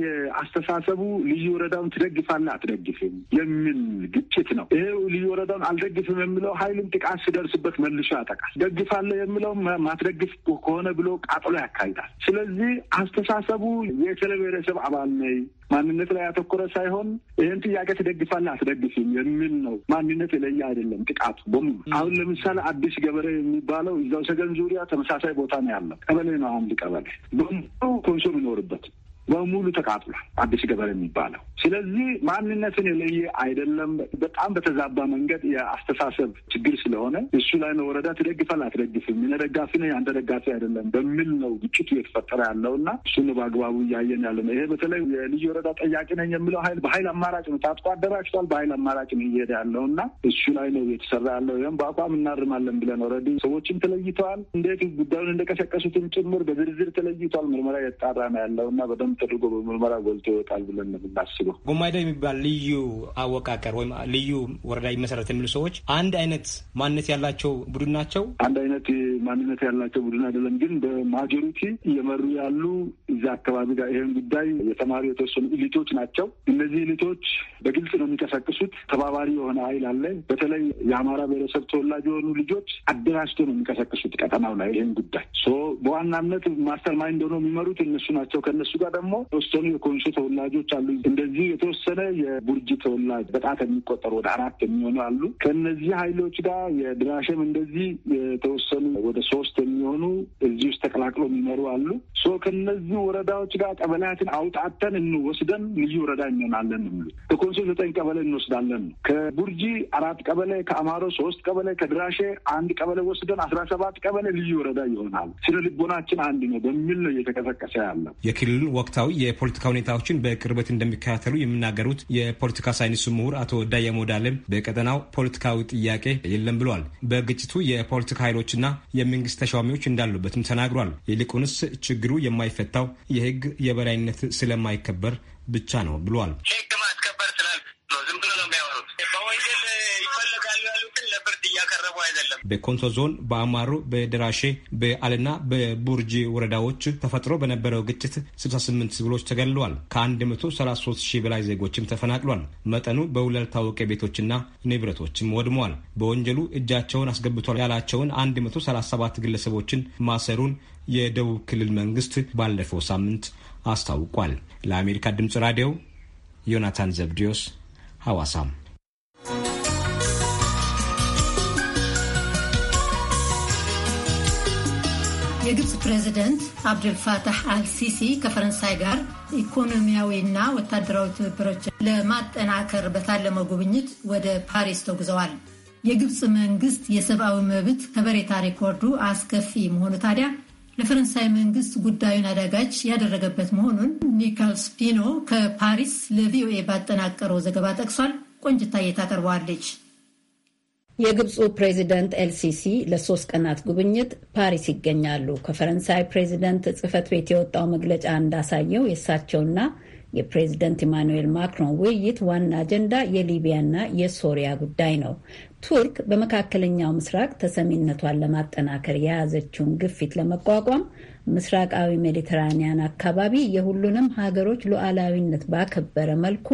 አስተሳሰቡ ልዩ ወረዳውን ትደግፋለህ አትደግፍም የሚል ግጭት ነው። ይሄው ልዩ ወረዳውን አልደግፍም የሚለው ኃይልም ጥቃት ሲደርስበት መልሶ ያጠቃል። ደግፋለህ የሚለው ማትደግፍ ከሆነ ብሎ ቃጥሎ ያካሂዳል። ስለዚህ አስተሳሰቡ የክልል ብሔረሰብ አባል ነይ ማንነት ላይ ያተኮረ ሳይሆን ይህን ጥያቄ ትደግፋለህ አትደግፍም የሚል ነው። ማንነት የለየ አይደለም ጥቃቱ በሙሉ። አሁን ለምሳሌ አዲስ ገበሬ የሚባለው እዛው ሰገን ዙሪያ ተመሳሳይ ቦታ ነው ያለው ቀበሌ ነው። አንድ ቀበሌ በሙሉ ኮንሶል ይኖርበት በሙሉ ተቃጥሏል፣ አዲስ ገበር የሚባለው። ስለዚህ ማንነትን የለየ አይደለም። በጣም በተዛባ መንገድ የአስተሳሰብ ችግር ስለሆነ እሱ ላይ ነው ወረዳ ትደግፋል አትደግፍም፣ እኔ ደጋፊ ነኝ ደጋፊ አይደለም በሚል ነው ግጭቱ እየተፈጠረ ያለው እና እሱን በአግባቡ እያየን ያለ ነው። ይሄ በተለይ የልዩ ወረዳ ጠያቂ ነኝ የሚለው ሀይል በሀይል አማራጭ ነው ታጥቆ አደራጅቷል። በሀይል አማራጭ ነው እየሄደ ያለው እና እሱ ላይ ነው የተሰራ ያለው። ይህም በአቋም እናርማለን ብለን ወረዲ ሰዎችም ተለይተዋል። እንዴት ጉዳዩን እንደቀሰቀሱትም ጭምር በዝርዝር ተለይተዋል። ምርመራ እየተጣራ ነው ያለው እና በደ በደንብ ተደርጎ በምርመራ ጎልቶ ይወጣል ብለን ነው የምናስበው። ጉማይዳ የሚባል ልዩ አወቃቀር ወይም ልዩ ወረዳ ይመሰረት የሚሉ ሰዎች አንድ አይነት ማንነት ያላቸው ቡድን ናቸው። አንድ አይነት ማንነት ያላቸው ቡድን አይደለም፣ ግን በማጆሪቲ እየመሩ ያሉ እዛ አካባቢ ጋር ይህን ጉዳይ የተማሪ የተወሰኑ ኢሊቶች ናቸው። እነዚህ ኢሊቶች በግልጽ ነው የሚቀሰቅሱት። ተባባሪ የሆነ ኃይል አለ። በተለይ የአማራ ብሔረሰብ ተወላጅ የሆኑ ልጆች አደራጅቶ ነው የሚቀሰቅሱት ቀጠናው ላይ ይህን ጉዳይ በዋናነት ማስተር ማይንድ የሚመሩት እነሱ ናቸው። ከእነሱ ጋር ደግሞ የተወሰኑ የኮንሶ ተወላጆች አሉ። እንደዚህ የተወሰነ የቡርጂ ተወላጅ በጣት የሚቆጠሩ ወደ አራት የሚሆኑ አሉ። ከነዚህ ኃይሎች ጋር የድራሸም እንደዚህ የተወሰኑ ወደ ሶስት የሚሆኑ እዚህ ውስጥ ተቀላቅሎ የሚመሩ አሉ። ሶ ከነዚህ ወረዳዎች ጋር ቀበሌያትን አውጣተን እንወስደን ልዩ ወረዳ እንሆናለን ነው የሚሉት። ከኮንሶ ዘጠኝ ቀበሌ እንወስዳለን ነው ከቡርጂ አራት ቀበሌ፣ ከአማሮ ሶስት ቀበሌ፣ ከድራሼ አንድ ቀበሌ ወስደን አስራ ሰባት ቀበሌ ልዩ ወረዳ ይሆናል። ስነ ልቦናችን አንድ ነው በሚል ነው እየተቀሰቀሰ ያለ የክልሉ ወቅታዊ የፖለቲካ ሁኔታዎችን በቅርበት እንደሚከታተሉ የሚናገሩት የፖለቲካ ሳይንሱ ምሁር አቶ ዳየሞ ዳለም በቀጠናው ፖለቲካዊ ጥያቄ የለም ብሏል። በግጭቱ የፖለቲካ ኃይሎችና የመንግስት ተሿሚዎች እንዳሉበትም ተናግሯል። ይልቁንስ ችግሩ የማይፈታው የህግ የበላይነት ስለማይከበር ብቻ ነው ብሏል። ህግ ማስከበር ስላል ዝም ብሎ ነው አይደለም። በኮንሶ ዞን በአማሩ በደራሼ በአልና በቡርጂ ወረዳዎች ተፈጥሮ በነበረው ግጭት 68 ሲቪሎች ተገድለዋል። ከ133 ሺህ በላይ ዜጎችም ተፈናቅሏል። መጠኑ በውል ያልታወቀ ቤቶችና ንብረቶችም ወድመዋል። በወንጀሉ እጃቸውን አስገብቷል ያላቸውን 137 ግለሰቦችን ማሰሩን የደቡብ ክልል መንግስት ባለፈው ሳምንት አስታውቋል። ለአሜሪካ ድምፅ ራዲዮ ዮናታን ዘብዲዮስ ሐዋሳም የግብፅ ፕሬዚደንት አብደልፋታህ አልሲሲ ከፈረንሳይ ጋር ኢኮኖሚያዊና ወታደራዊ ትብብሮች ለማጠናከር በታለመ ጉብኝት ወደ ፓሪስ ተጉዘዋል። የግብፅ መንግስት የሰብአዊ መብት ከበሬታ ሪኮርዱ አስከፊ መሆኑ ታዲያ ለፈረንሳይ መንግስት ጉዳዩን አዳጋጅ ያደረገበት መሆኑን ኒካል ስፒኖ ከፓሪስ ለቪኦኤ ባጠናቀረው ዘገባ ጠቅሷል። ቆንጅታ የታቀርበዋለች። የግብፁ ፕሬዚደንት ኤልሲሲ ለሶስት ቀናት ጉብኝት ፓሪስ ይገኛሉ። ከፈረንሳይ ፕሬዚደንት ጽህፈት ቤት የወጣው መግለጫ እንዳሳየው የእሳቸውና የፕሬዚደንት ኢማኑኤል ማክሮን ውይይት ዋና አጀንዳ የሊቢያና የሶሪያ ጉዳይ ነው። ቱርክ በመካከለኛው ምስራቅ ተሰሚነቷን ለማጠናከር የያዘችውን ግፊት ለመቋቋም ምስራቃዊ ሜዲተራኒያን አካባቢ የሁሉንም ሀገሮች ሉዓላዊነት ባከበረ መልኩ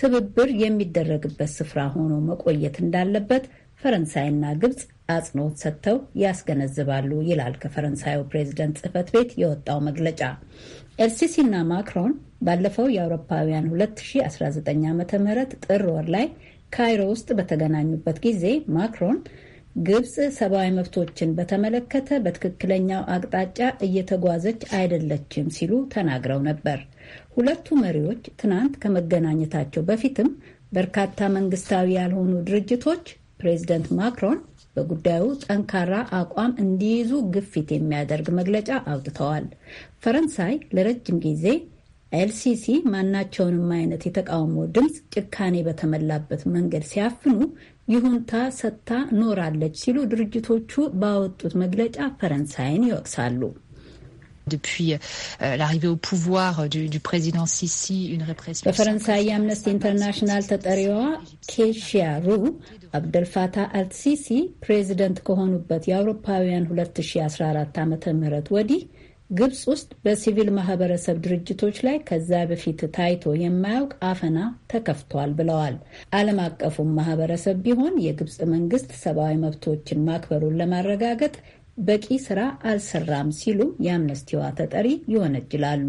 ትብብር የሚደረግበት ስፍራ ሆኖ መቆየት እንዳለበት ፈረንሳይና ግብፅ አጽንኦት ሰጥተው ያስገነዝባሉ ይላል ከፈረንሳዩ ፕሬዝደንት ጽህፈት ቤት የወጣው መግለጫ። ኤልሲሲና ማክሮን ባለፈው የአውሮፓውያን 2019 ዓ ም ጥር ወር ላይ ካይሮ ውስጥ በተገናኙበት ጊዜ ማክሮን ግብፅ ሰብአዊ መብቶችን በተመለከተ በትክክለኛው አቅጣጫ እየተጓዘች አይደለችም ሲሉ ተናግረው ነበር። ሁለቱ መሪዎች ትናንት ከመገናኘታቸው በፊትም በርካታ መንግስታዊ ያልሆኑ ድርጅቶች ፕሬዚደንት ማክሮን በጉዳዩ ጠንካራ አቋም እንዲይዙ ግፊት የሚያደርግ መግለጫ አውጥተዋል። ፈረንሳይ ለረጅም ጊዜ ኤልሲሲ ማናቸውንም አይነት የተቃውሞ ድምፅ ጭካኔ በተሞላበት መንገድ ሲያፍኑ ይሁንታ ሰጥታ ኖራለች ሲሉ ድርጅቶቹ ባወጡት መግለጫ ፈረንሳይን ይወቅሳሉ። euh, በፈረንሳይ የአምነስቲ ኢንተርናሽናል ተጠሪዋ ኬሺያ ሩ አብደልፋታ አልሲሲ ፕሬዚደንት ከሆኑበት የአውሮፓውያን 2014 ዓ ም ወዲህ ግብፅ ውስጥ በሲቪል ማህበረሰብ ድርጅቶች ላይ ከዛ በፊት ታይቶ የማያውቅ አፈና ተከፍቷል ብለዋል። ዓለም አቀፉም ማህበረሰብ ቢሆን የግብፅ መንግስት ሰብአዊ መብቶችን ማክበሩን ለማረጋገጥ በቂ ስራ አልሰራም ሲሉም የአምነስቲዋ ተጠሪ ይወነጅላሉ።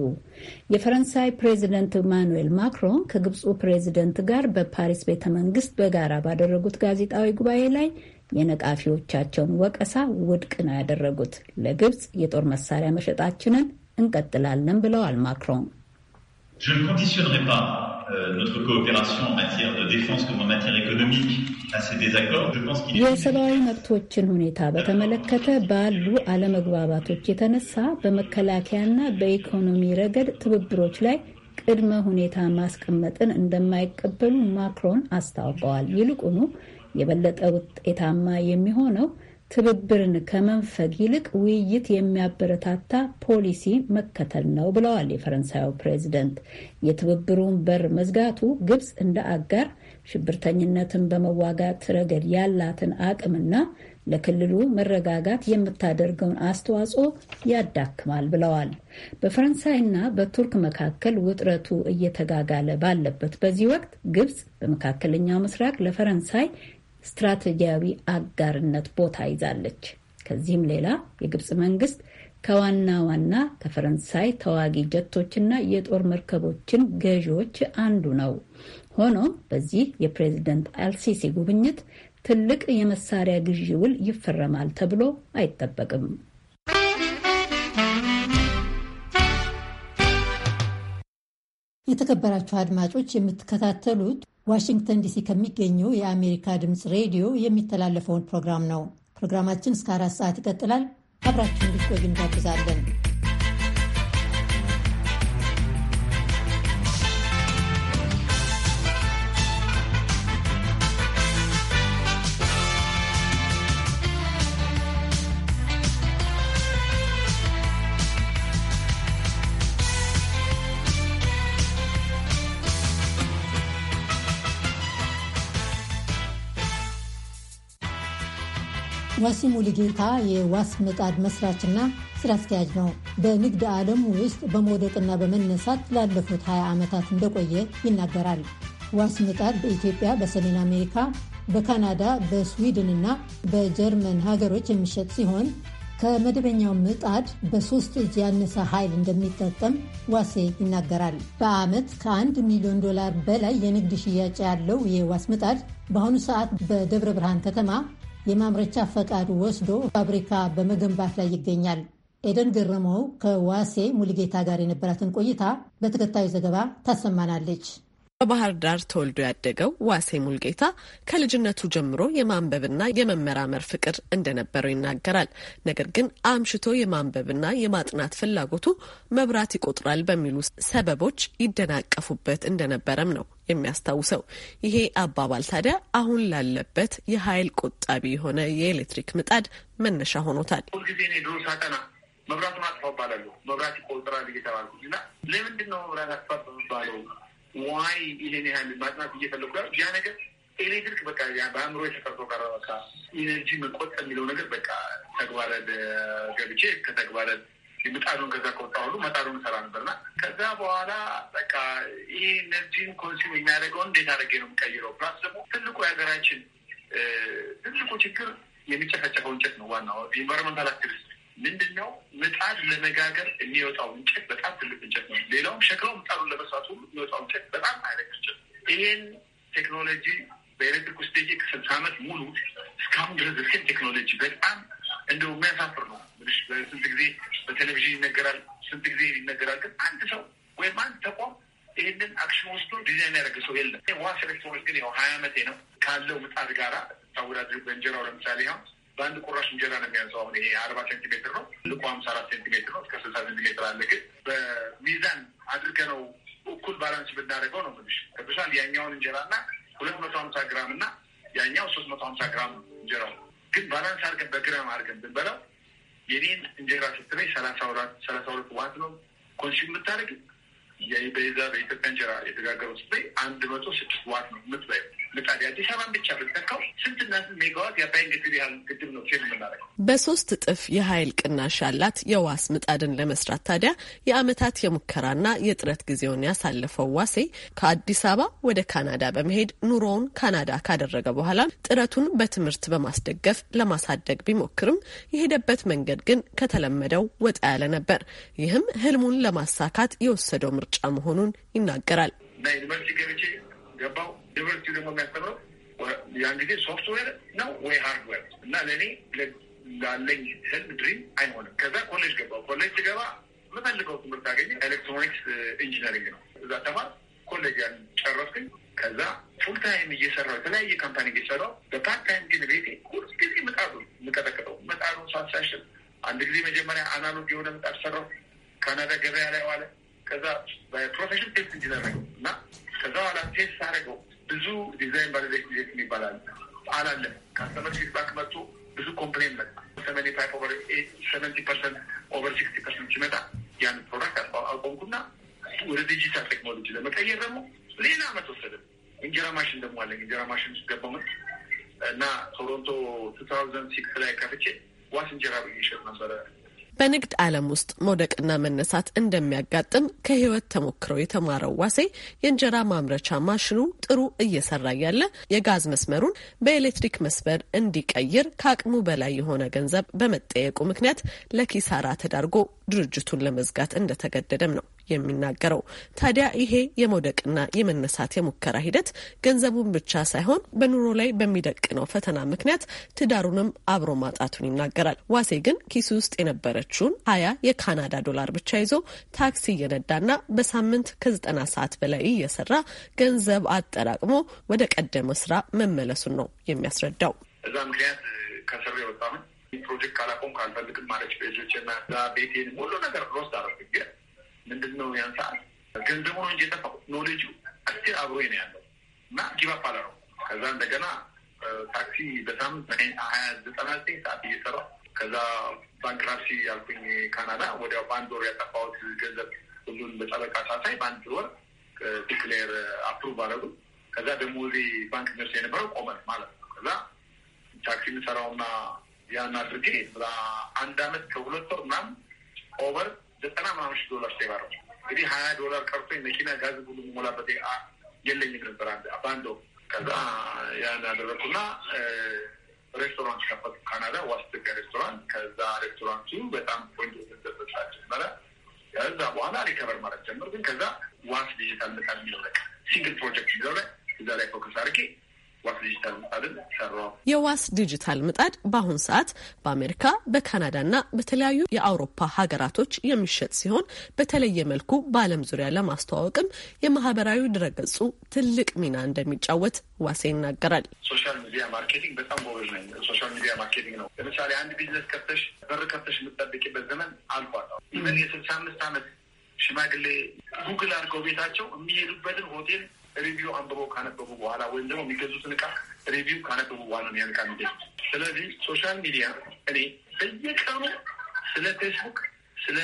የፈረንሳይ ፕሬዚደንት ኢማኑኤል ማክሮን ከግብፁ ፕሬዚደንት ጋር በፓሪስ ቤተ መንግስት በጋራ ባደረጉት ጋዜጣዊ ጉባኤ ላይ የነቃፊዎቻቸውን ወቀሳ ውድቅ ነው ያደረጉት። ለግብፅ የጦር መሳሪያ መሸጣችንን እንቀጥላለን ብለዋል ማክሮን። Je ne conditionnerai pas euh, notre coopération en matière de défense comme en matière économique à ces désaccords. Je pense qu'il y a... የሰብአዊ መብቶችን ሁኔታ በተመለከተ ባሉ አለመግባባቶች የተነሳ በመከላከያና በኢኮኖሚ ረገድ ትብብሮች ላይ ቅድመ ሁኔታ ማስቀመጥን እንደማይቀበሉ ማክሮን አስታውቀዋል። ይልቁኑ የበለጠ ውጤታማ የሚሆነው ትብብርን ከመንፈግ ይልቅ ውይይት የሚያበረታታ ፖሊሲ መከተል ነው ብለዋል የፈረንሳዩ ፕሬዚደንት። የትብብሩን በር መዝጋቱ ግብጽ እንደ አጋር ሽብርተኝነትን በመዋጋት ረገድ ያላትን አቅምና ለክልሉ መረጋጋት የምታደርገውን አስተዋጽኦ ያዳክማል ብለዋል። በፈረንሳይና በቱርክ መካከል ውጥረቱ እየተጋጋለ ባለበት በዚህ ወቅት ግብጽ በመካከለኛው ምስራቅ ለፈረንሳይ ስትራቴጂያዊ አጋርነት ቦታ ይዛለች። ከዚህም ሌላ የግብፅ መንግስት ከዋና ዋና ከፈረንሳይ ተዋጊ ጀቶችና የጦር መርከቦችን ገዢዎች አንዱ ነው። ሆኖም በዚህ የፕሬዝደንት አልሲሲ ጉብኝት ትልቅ የመሳሪያ ግዢ ውል ይፈረማል ተብሎ አይጠበቅም። የተከበራችሁ አድማጮች የምትከታተሉት ዋሽንግተን ዲሲ ከሚገኘው የአሜሪካ ድምፅ ሬዲዮ የሚተላለፈውን ፕሮግራም ነው። ፕሮግራማችን እስከ አራት ሰዓት ይቀጥላል። አብራችሁ እንድትቆዩ እንጋብዛለን። ዋሲሙ ሊጌታ የዋስ ምጣድ መስራችና ስራ አስኪያጅ ነው። በንግድ ዓለም ውስጥ በመውደቅና በመነሳት ላለፉት 20 ዓመታት እንደቆየ ይናገራል። ዋስ ምጣድ በኢትዮጵያ፣ በሰሜን አሜሪካ፣ በካናዳ፣ በስዊድን እና በጀርመን ሀገሮች የሚሸጥ ሲሆን ከመደበኛው ምጣድ በሶስት እጅ ያነሰ ኃይል እንደሚጠቀም ዋሴ ይናገራል። በዓመት ከአንድ ሚሊዮን ዶላር በላይ የንግድ ሽያጭ ያለው የዋስ ምጣድ በአሁኑ ሰዓት በደብረ ብርሃን ከተማ የማምረቻ ፈቃድ ወስዶ ፋብሪካ በመገንባት ላይ ይገኛል። ኤደን ገረመው ከዋሴ ሙልጌታ ጋር የነበራትን ቆይታ በተከታዩ ዘገባ ታሰማናለች። በባህር ዳር ተወልዶ ያደገው ዋሴ ሙልጌታ ከልጅነቱ ጀምሮ የማንበብና የመመራመር ፍቅር እንደነበረው ይናገራል። ነገር ግን አምሽቶ የማንበብና የማጥናት ፍላጎቱ መብራት ይቆጥራል በሚሉ ሰበቦች ይደናቀፉበት እንደነበረም ነው የሚያስታውሰው። ይሄ አባባል ታዲያ አሁን ላለበት የኃይል ቆጣቢ የሆነ የኤሌክትሪክ ምጣድ መነሻ ሆኖታል። መብራት ማጥፋው እባላለሁ። መብራት ይቆጥራል እየተባልኩ እና ለምንድን ነው መብራት አጥፋ በሚባለው ዋይ ይሄን ያህል ማጥናት እየፈለጉ ጋር ያ ነገር ኤሌክትሪክ በቃ በአእምሮ የተቀርቶ ቀረ። በቃ ኢነርጂ መቆጠብ የሚለው ነገር በቃ ተግባረ ገብቼ ከተግባረ ምጣዱን ከዛ ከወጣ ሁሉ መጣዱን ሰራ ነበርና ከዛ በኋላ በቃ ይህ ኢነርጂን ኮንሱም የሚያደርገውን እንዴት አድርጌ ነው የምቀይረው? ፕላስ ደግሞ ትልቁ የሀገራችን ትልቁ ችግር የሚጨፈጨፈው እንጨት ነው። ዋናው ኢንቫይሮንመንታል አክቲቪስት ምንድን ነው ምጣድ ለመጋገር የሚወጣው እንጨት በጣም ትልቅ እንጨት ነው። ሌላውም ሸክላው ምጣዱን ለመስራት ሁሉ የሚወጣው እንጨት በጣም አይነት እንጨት። ይሄን ቴክኖሎጂ በኤሌክትሪክ ውስጥ ጂ ስልሳ ዓመት ሙሉ እስካሁን ድረስ ስን ቴክኖሎጂ በጣም እንደው የሚያሳፍር ነው። ስንት ጊዜ በቴሌቪዥን ይነገራል፣ ስንት ጊዜ ይነገራል። ግን አንድ ሰው ወይም አንድ ተቋም ይህንን አክሽን ወስዶ ዲዛይን ያደረገ ሰው የለም። ዋስ ኤሌክትሮኒክስ ግን ያው ሀያ ዓመቴ ነው ካለው ምጣድ ጋራ ታወዳድሪ በእንጀራው ለምሳሌ ሁ በአንድ ቁራሽ እንጀራ ነው የሚያንሰው። አሁን ይሄ አርባ ሴንቲሜትር ነው ልቁ አምሳ አራት ሴንቲሜትር ነው እስከ ስልሳ ሴንቲሜትር አለ። ግን በሚዛን አድርገ ነው እኩል ባላንስ ብናደርገው ነው ትንሽ ቅዱሳን ያኛውን እንጀራ እና ሁለት መቶ ሀምሳ ግራም እና ያኛው ሶስት መቶ ሀምሳ ግራም እንጀራው ግን ባላንስ አድርገን በግራም አድርገን ብንበላው የኔን እንጀራ ስትበይ ሰላሳ ሁለት ሰላሳ ሁለት ዋት ነው ኮንሱም የምታደርግ በዛ በኢትዮጵያ እንጀራ የተጋገረው ስትበይ አንድ መቶ ስድስት ዋት ነው የምትበይው ምጣድ አዲስ አበባን ብቻ ብንተካው ስንትና ሜጋዋት የአባይን ግድብ ያህል ግድብ ነው ፊል የምናደርገው። በሶስት እጥፍ የኃይል ቅናሽ ያላት የዋስ ምጣድን ለመስራት ታዲያ የአመታት የሙከራና የጥረት ጊዜውን ያሳለፈው ዋሴ ከአዲስ አበባ ወደ ካናዳ በመሄድ ኑሮውን ካናዳ ካደረገ በኋላ ጥረቱን በትምህርት በማስደገፍ ለማሳደግ ቢሞክርም የሄደበት መንገድ ግን ከተለመደው ወጣ ያለ ነበር። ይህም ህልሙን ለማሳካት የወሰደው ምርጫ መሆኑን ይናገራል። ዩኒቨርሲቲ ገብቼ ገባው ዩኒቨርሲቲ ደግሞ የሚያስተምረው ያን ጊዜ ሶፍትዌር ነው ወይ ሃርድዌር እና ለእኔ ላለኝ ህልም ድሪም አይሆንም። ከዛ ኮሌጅ ገባው። ኮሌጅ ሲገባ የምፈልገው ትምህርት አገኘ። ኤሌክትሮኒክስ ኢንጂነሪንግ ነው። እዛ ተማር ኮሌጅ ያን ጨረስኩኝ። ከዛ ፉል ታይም እየሰራው የተለያየ ካምፓኒ እየሰራው በፓርት ታይም ግን ቤቴ ሁሉ ጊዜ ምጣዱ የምቀጠቅጠው ምጣዱ ሳሳሽን አንድ ጊዜ መጀመሪያ አናሎግ የሆነ ምጣድ ሰራው። ካናዳ ገበያ ላይ ዋለ። ከዛ በፕሮፌሽን ቴስት ኢንጂነር እና ከዛ በኋላ ቴስት አደረገው ብዙ ዲዛይን ባለቤት ጊዜት ይባላል አላለም። ከአስተመር ፊድባክ መጡ። ብዙ ኮምፕሌን መጣ። ሰቨንቲ ፋይቭ ኦቨር ሰቨንቲ ፐርሰንት ኦቨር ሲክስቲ ፐርሰንት ሲመጣ ያን ፕሮዳክት አቆምኩና ወደ ዲጂታል ቴክኖሎጂ ለመቀየር ደግሞ ሌላ ዓመት ወሰደ። እንጀራ ማሽን ደግሞ አለኝ። እንጀራ ማሽን ውስጥ ገባሁ እና ቶሮንቶ ቱ ታውዘንድ ሲክስ ላይ ከፍቼ ዋስ እንጀራ ብዬ እሸጥ ነበረ በንግድ ዓለም ውስጥ መውደቅና መነሳት እንደሚያጋጥም ከህይወት ተሞክረው የተማረው ዋሴ የእንጀራ ማምረቻ ማሽኑ ጥሩ እየሰራ ያለ የጋዝ መስመሩን በኤሌክትሪክ መስመር እንዲቀይር ከአቅሙ በላይ የሆነ ገንዘብ በመጠየቁ ምክንያት ለኪሳራ ተዳርጎ ድርጅቱን ለመዝጋት እንደተገደደም ነው የሚናገረው። ታዲያ ይሄ የመውደቅና የመነሳት የሙከራ ሂደት ገንዘቡን ብቻ ሳይሆን በኑሮ ላይ በሚደቅነው ፈተና ምክንያት ትዳሩንም አብሮ ማጣቱን ይናገራል። ዋሴ ግን ኪሱ ውስጥ የነበረችውን ሀያ የካናዳ ዶላር ብቻ ይዞ ታክሲ እየነዳና በሳምንት ከዘጠና ሰዓት በላይ እየሰራ ገንዘብ አጠራቅሞ ወደ ቀደመ ስራ መመለሱን ነው የሚያስረዳው። እዛ ምክንያት ከስር የወጣ ፕሮጀክት ካላቆም ካልፈልግም ማለች ቤቶች ቤቴን ሁሉ ነገር ሮስት አረግ ምንድን ነው ያን ሰዓት ገንዘቡ ነው እንጂ የጠፋው ኖሌጁ እስቲል አብሮ ነው ያለው እና ጊባፕ አለ ነው። ከዛ እንደገና ታክሲ በሳምንት ሀያ ዘጠና ዘጠኝ ሰዓት እየሰራ ከዛ ባንክራፕሲ ያልኩኝ ካናዳ ወዲያው በአንድ ወር ያጠፋሁት ገንዘብ ሁሉን በጠበቃ ሳሳይ በአንድ ወር ዲክሌር አፕሩቭ አደረጉ። ከዛ ደግሞ ዚ ባንክ ነርስ የነበረው ቆመ ማለት ነው። ከዛ ታክሲ የምሰራውና ያን አድርጌ አንድ አመት ከሁለት ወር ምናምን ኦቨር ዘጠና ምናምን ሺህ ዶላር ሴባ ነው እንግዲህ ሀያ ዶላር ቀርቶኝ መኪና ጋዝ ሁሉ የምሞላበት የለኝም ነበር አንድ ወቅት። ከዛ ያን ያደረኩና ሬስቶራንት ከፈቱ ካናዳ ዋስትጋ ሬስቶራንት። ከዛ ሬስቶራንቱ በጣም ቆንጆ ገንዘብ መስራት ጀመረ። ከዛ በኋላ ሪከቨር ማለት ጀምር ግን ከዛ ዋስ ልጅት አልመጣም የሚለው ሲንግል ፕሮጀክት የሚለው ላይ እዛ ላይ ፎከስ አድርጌ የዋስ ዲጂታል ምጣድ በአሁን ሰዓት በአሜሪካ በካናዳና በተለያዩ የአውሮፓ ሀገራቶች የሚሸጥ ሲሆን በተለየ መልኩ በዓለም ዙሪያ ለማስተዋወቅም የማህበራዊ ድረገጹ ትልቅ ሚና እንደሚጫወት ዋሴ ይናገራል። ሶሻል ሚዲያ ማርኬቲንግ በጣም ጎበዝ ነኝ። ሶሻል ሚዲያ ማርኬቲንግ ነው። ለምሳሌ አንድ ቢዝነስ ከፍተሽ በር ከፍተሽ የምትጠብቂበት ዘመን አልፏል። ኢቨን የስልሳ አምስት ዓመት ሽማግሌ ጉግል አድርገው ቤታቸው የሚሄዱበትን ሆቴል ሪቪው አንብቦ ካነበቡ በኋላ ወይም ደግሞ የሚገዙትን እቃ ሪቪው ካነበቡ በኋላ ነው ያልቃ እቃ ስለዚህ ሶሻል ሚዲያ እኔ በየቀኑ ስለ ፌስቡክ፣ ስለ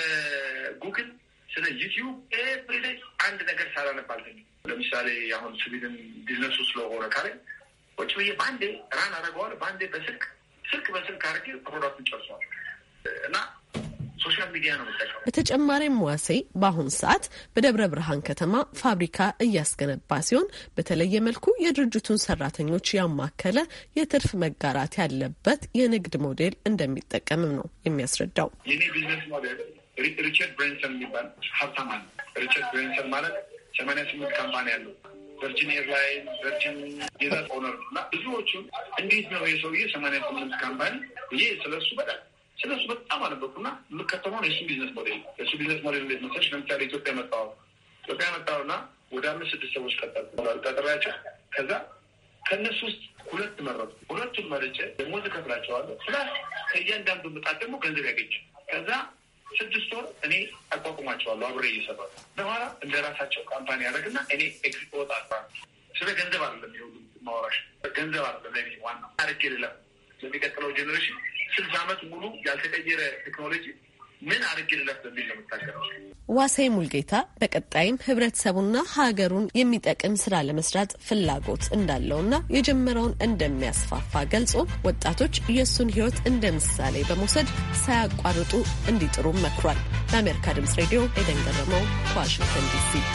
ጉግል፣ ስለ ዩቲዩብ ኤቭሪዴ አንድ ነገር ሳላነባል ለምሳሌ አሁን ስቢልን ቢዝነሱ ስለሆነ ካለ ቁጭ ብዬ በአንዴ ራን አደርገዋለሁ። በአንዴ በስልክ ስልክ በስልክ አድርጌ ፕሮዳክቱን ጨርሷል እና ሚዲያ ነው የምጠቀመው። በተጨማሪም ዋሴ በአሁን ሰዓት በደብረ ብርሃን ከተማ ፋብሪካ እያስገነባ ሲሆን በተለየ መልኩ የድርጅቱን ሰራተኞች ያማከለ የትርፍ መጋራት ያለበት የንግድ ሞዴል እንደሚጠቀምም ነው የሚያስረዳው። የኔ ቢዝነስ ሞዴል ሪቸርድ ብሬንሰን የሚባል ሀብታም አለ። ሪቸርድ ብሬንሰን ማለት ሰማንያ ስምንት ካምፓኒ ያለው ቨርጂን ኤርላይን ቨርጂን ጌዛት ኦነር እና ብዙዎቹ እንዴት ነው የሰውዬ ሰማንያ ስምንት ካምፓኒ ይህ ስለሱ በጣም ስለሱ በጣም አነበኩና የምከተመውን የሱ ቢዝነስ ሞዴል የሱ ቢዝነስ ሞዴል እንዴት መሰለሽ? ለምሳሌ ኢትዮጵያ መጣሁ ኢትዮጵያ መጣሁና ወደ አምስት ስድስት ሰዎች ቀጠል ቀጠርኩላቸው። ከዛ ከእነሱ ውስጥ ሁለት መረጡ። ሁለቱን መርጬ ደግሞ እከፍላቸዋለሁ ፕላስ ከእያንዳንዱ ምጣት ደግሞ ገንዘብ ያገኘ። ከዛ ስድስት ወር እኔ አቋቁማቸዋለሁ አብሬ እየሰራ በኋላ እንደ ራሳቸው ካምፓኒ ያደረግና እኔ ኤግዚት ወጣ ስለ ገንዘብ አለም የሁሉ ማወራሽ ገንዘብ አለም ለእኔ ዋና አርጌ ሌላ ለሚቀጥለው ጀኔሬሽን ስልሳ ዓመት ሙሉ ያልተቀየረ ቴክኖሎጂ ምን አድርግልለት በሚል ነው የምታገረው። ዋሴ ሙልጌታ በቀጣይም ህብረተሰቡና ሀገሩን የሚጠቅም ስራ ለመስራት ፍላጎት እንዳለውና የጀመረውን እንደሚያስፋፋ ገልጾ ወጣቶች የእሱን ህይወት እንደ ምሳሌ በመውሰድ ሳያቋርጡ እንዲጥሩ መክሯል። ለአሜሪካ ድምጽ ሬዲዮ ኤደን ገረመው ከዋሽንግተን ዲሲ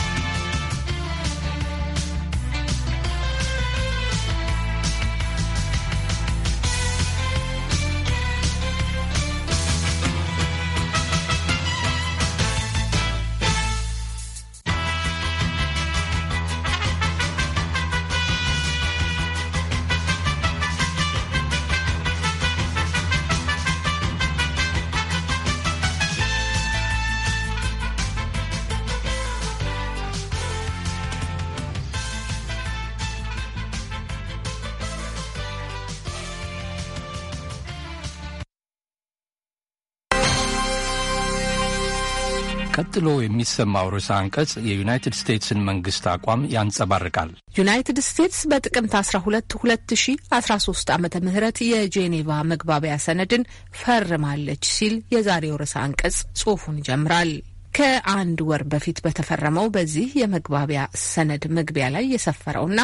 ቀጥሎ የሚሰማው ርዕሰ አንቀጽ የዩናይትድ ስቴትስን መንግስት አቋም ያንጸባርቃል። ዩናይትድ ስቴትስ በጥቅምት 12 2013 ዓ ምህረት የጄኔቫ መግባቢያ ሰነድን ፈርማለች ሲል የዛሬው ርዕሰ አንቀጽ ጽሑፉን ይጀምራል። ከአንድ ወር በፊት በተፈረመው በዚህ የመግባቢያ ሰነድ መግቢያ ላይ የሰፈረውና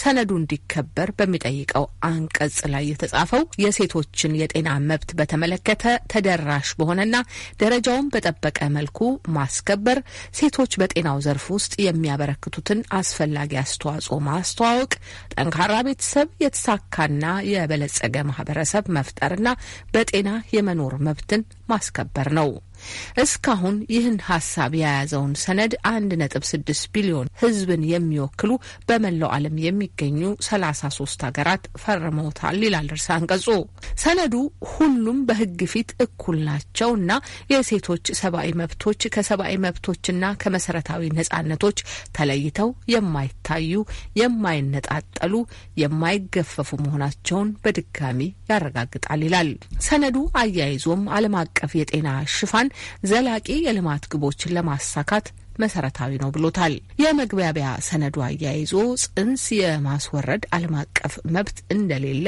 ሰነዱ እንዲከበር በሚጠይቀው አንቀጽ ላይ የተጻፈው የሴቶችን የጤና መብት በተመለከተ ተደራሽ በሆነና ደረጃውን በጠበቀ መልኩ ማስከበር፣ ሴቶች በጤናው ዘርፍ ውስጥ የሚያበረክቱትን አስፈላጊ አስተዋጽኦ ማስተዋወቅ፣ ጠንካራ ቤተሰብ፣ የተሳካና የበለጸገ ማህበረሰብ መፍጠርና በጤና የመኖር መብትን ማስከበር ነው። እስካሁን ይህን ሀሳብ የያዘውን ሰነድ አንድ ነጥብ ስድስት ቢሊዮን ህዝብን የሚወክሉ በመላው ዓለም የሚገኙ ሰላሳ ሶስት ሀገራት ፈርመውታል ይላል እርስ አንቀጹ። ሰነዱ ሁሉም በህግ ፊት እኩል ናቸው እና የሴቶች ሰብአዊ መብቶች ከሰብአዊ መብቶችና ከመሰረታዊ ነጻነቶች ተለይተው የማይታዩ የማይነጣጠሉ የማይገፈፉ መሆናቸውን በድጋሚ ያረጋግጣል ይላል ሰነዱ። አያይዞም ዓለም አቀፍ የጤና ሽፋን ዘላቂ የልማት ግቦችን ለማሳካት መሰረታዊ ነው ብሎታል። የመግባቢያ ሰነዱ አያይዞ ጽንስ የማስወረድ ዓለም አቀፍ መብት እንደሌለ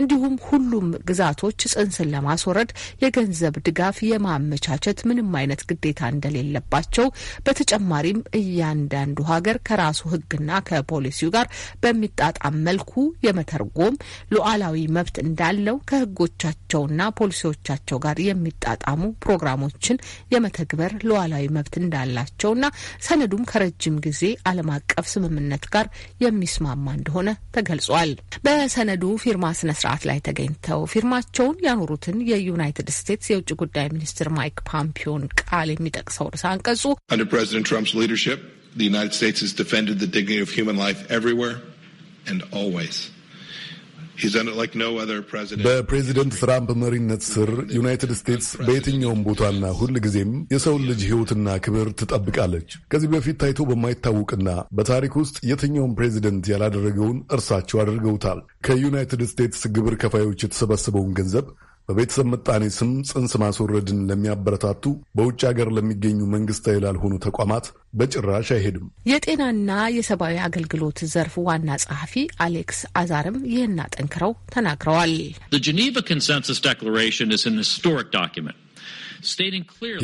እንዲሁም ሁሉም ግዛቶች ጽንስን ለማስወረድ የገንዘብ ድጋፍ የማመቻቸት ምንም አይነት ግዴታ እንደሌለባቸው በተጨማሪም እያንዳንዱ ሀገር ከራሱ ሕግና ከፖሊሲው ጋር በሚጣጣም መልኩ የመተርጎም ሉዓላዊ መብት እንዳለው ከሕጎቻቸውና ፖሊሲዎቻቸው ጋር የሚጣጣሙ ፕሮግራሞችን የመተግበር ሉዓላዊ መብት እንዳላቸውና ሰነዱም ከረጅም ጊዜ ዓለም አቀፍ ስምምነት ጋር የሚስማማ እንደሆነ ተገልጿል። በሰነዱ ፊርማ ስነ ስርዓት ላይ ተገኝተው ፊርማቸውን ያኖሩትን የዩናይትድ ስቴትስ የውጭ ጉዳይ ሚኒስትር ማይክ ፖምፒዮን ቃል የሚጠቅሰው ርዕሰ አንቀጹ The United States has defended the dignity of human life everywhere and always. በፕሬዚደንት ትራምፕ መሪነት ስር ዩናይትድ ስቴትስ በየትኛውም ቦታና ሁል ጊዜም የሰውን ልጅ ሕይወትና ክብር ትጠብቃለች። ከዚህ በፊት ታይቶ በማይታወቅና በታሪክ ውስጥ የትኛውም ፕሬዚደንት ያላደረገውን እርሳቸው አድርገውታል። ከዩናይትድ ስቴትስ ግብር ከፋዮች የተሰበሰበውን ገንዘብ በቤተሰብ ምጣኔ ስም ጽንስ ማስወረድን ለሚያበረታቱ በውጭ ሀገር ለሚገኙ መንግስታዊ ላልሆኑ ተቋማት በጭራሽ አይሄድም። የጤናና የሰብአዊ አገልግሎት ዘርፍ ዋና ጸሐፊ አሌክስ አዛርም ይህን አጠንክረው ተናግረዋል። The Geneva Consensus Declaration is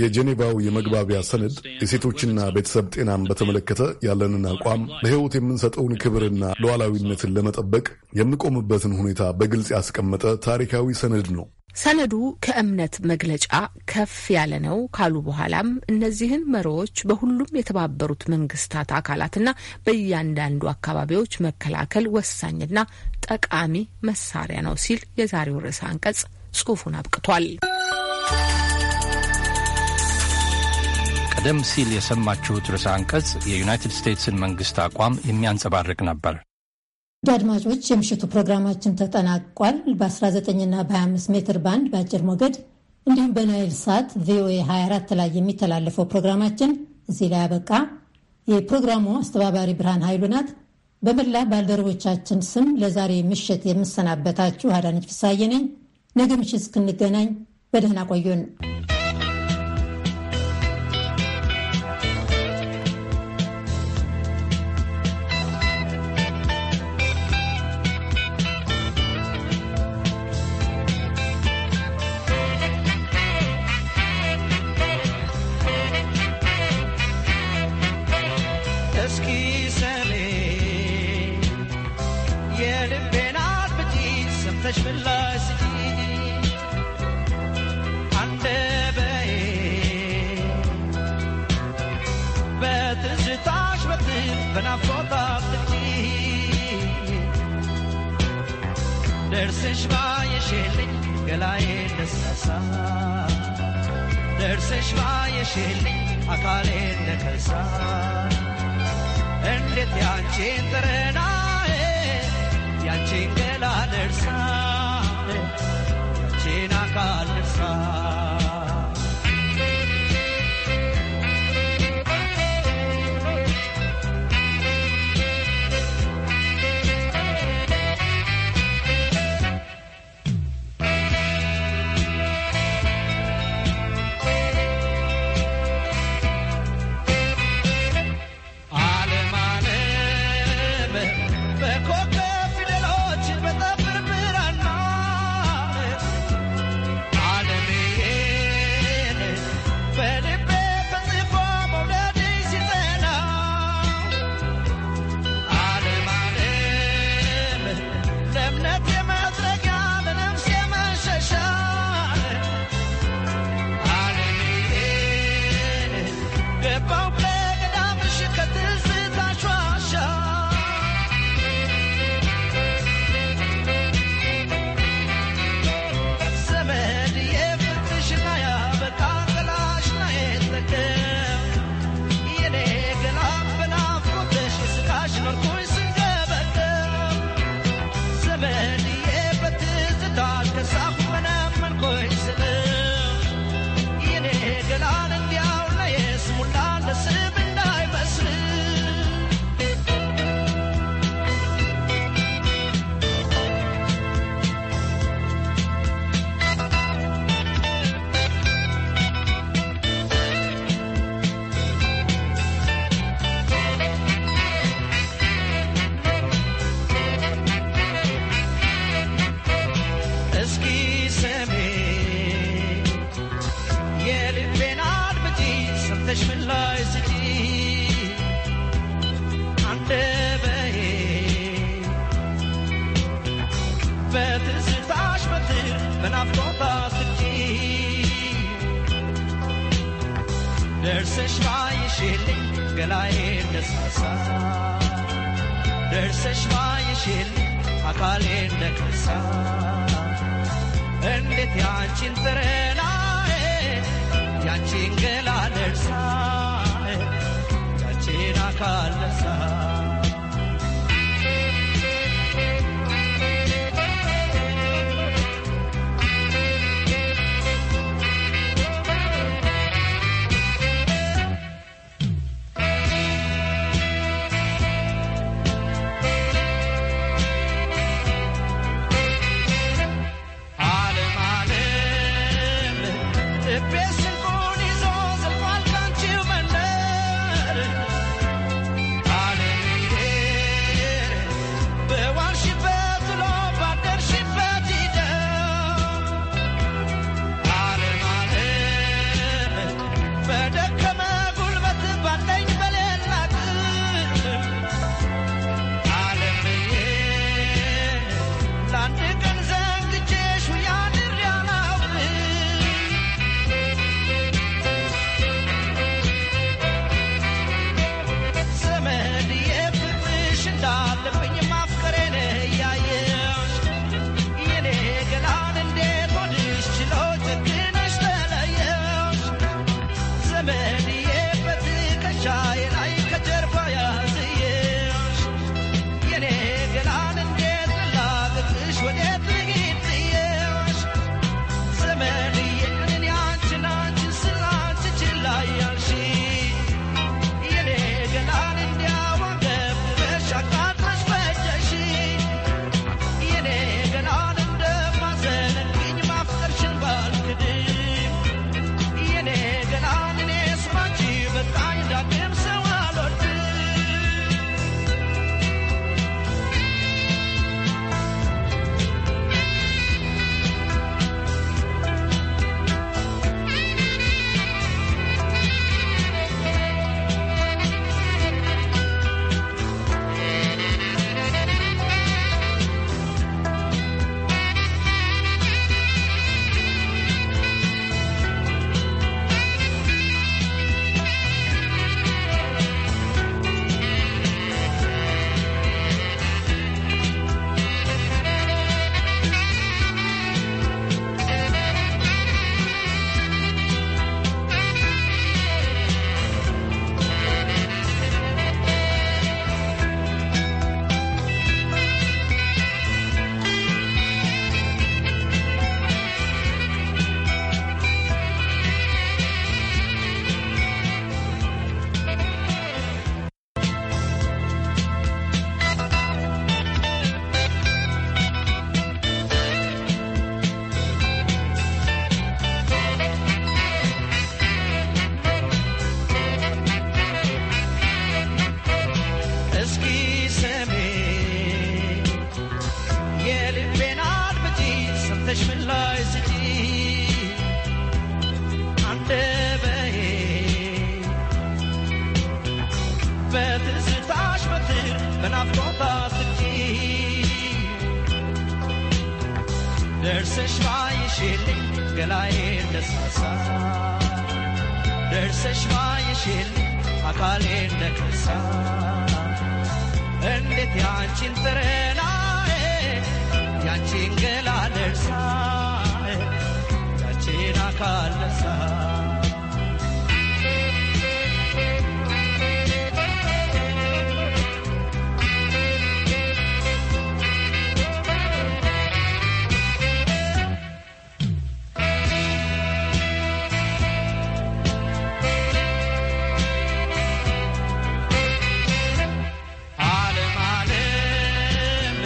የጄኔቫው የመግባቢያ ሰነድ የሴቶችና ቤተሰብ ጤናን በተመለከተ ያለንን አቋም፣ ለሕይወት የምንሰጠውን ክብርና ሉዓላዊነትን ለመጠበቅ የምቆምበትን ሁኔታ በግልጽ ያስቀመጠ ታሪካዊ ሰነድ ነው። ሰነዱ ከእምነት መግለጫ ከፍ ያለ ነው ካሉ በኋላም እነዚህን መሪዎች በሁሉም የተባበሩት መንግስታት አካላትና በእያንዳንዱ አካባቢዎች መከላከል ወሳኝና ጠቃሚ መሳሪያ ነው ሲል የዛሬው ርዕሰ አንቀጽ ጽሑፉን አብቅቷል። ቀደም ሲል የሰማችሁት ርዕሰ አንቀጽ የዩናይትድ ስቴትስን መንግስት አቋም የሚያንጸባርቅ ነበር። አድማጮች፣ የምሽቱ ፕሮግራማችን ተጠናቋል። በ19ና በ25 ሜትር ባንድ በአጭር ሞገድ እንዲሁም በናይል ሳት ቪኦኤ 24 ላይ የሚተላለፈው ፕሮግራማችን እዚህ ላይ አበቃ። የፕሮግራሙ አስተባባሪ ብርሃን ኃይሉ ናት። በመላ ባልደረቦቻችን ስም ለዛሬ ምሽት የምሰናበታችሁ አዳነች ፍሳዬ ነኝ። ነገ ምሽት እስክንገናኝ በደህና ቆዩን።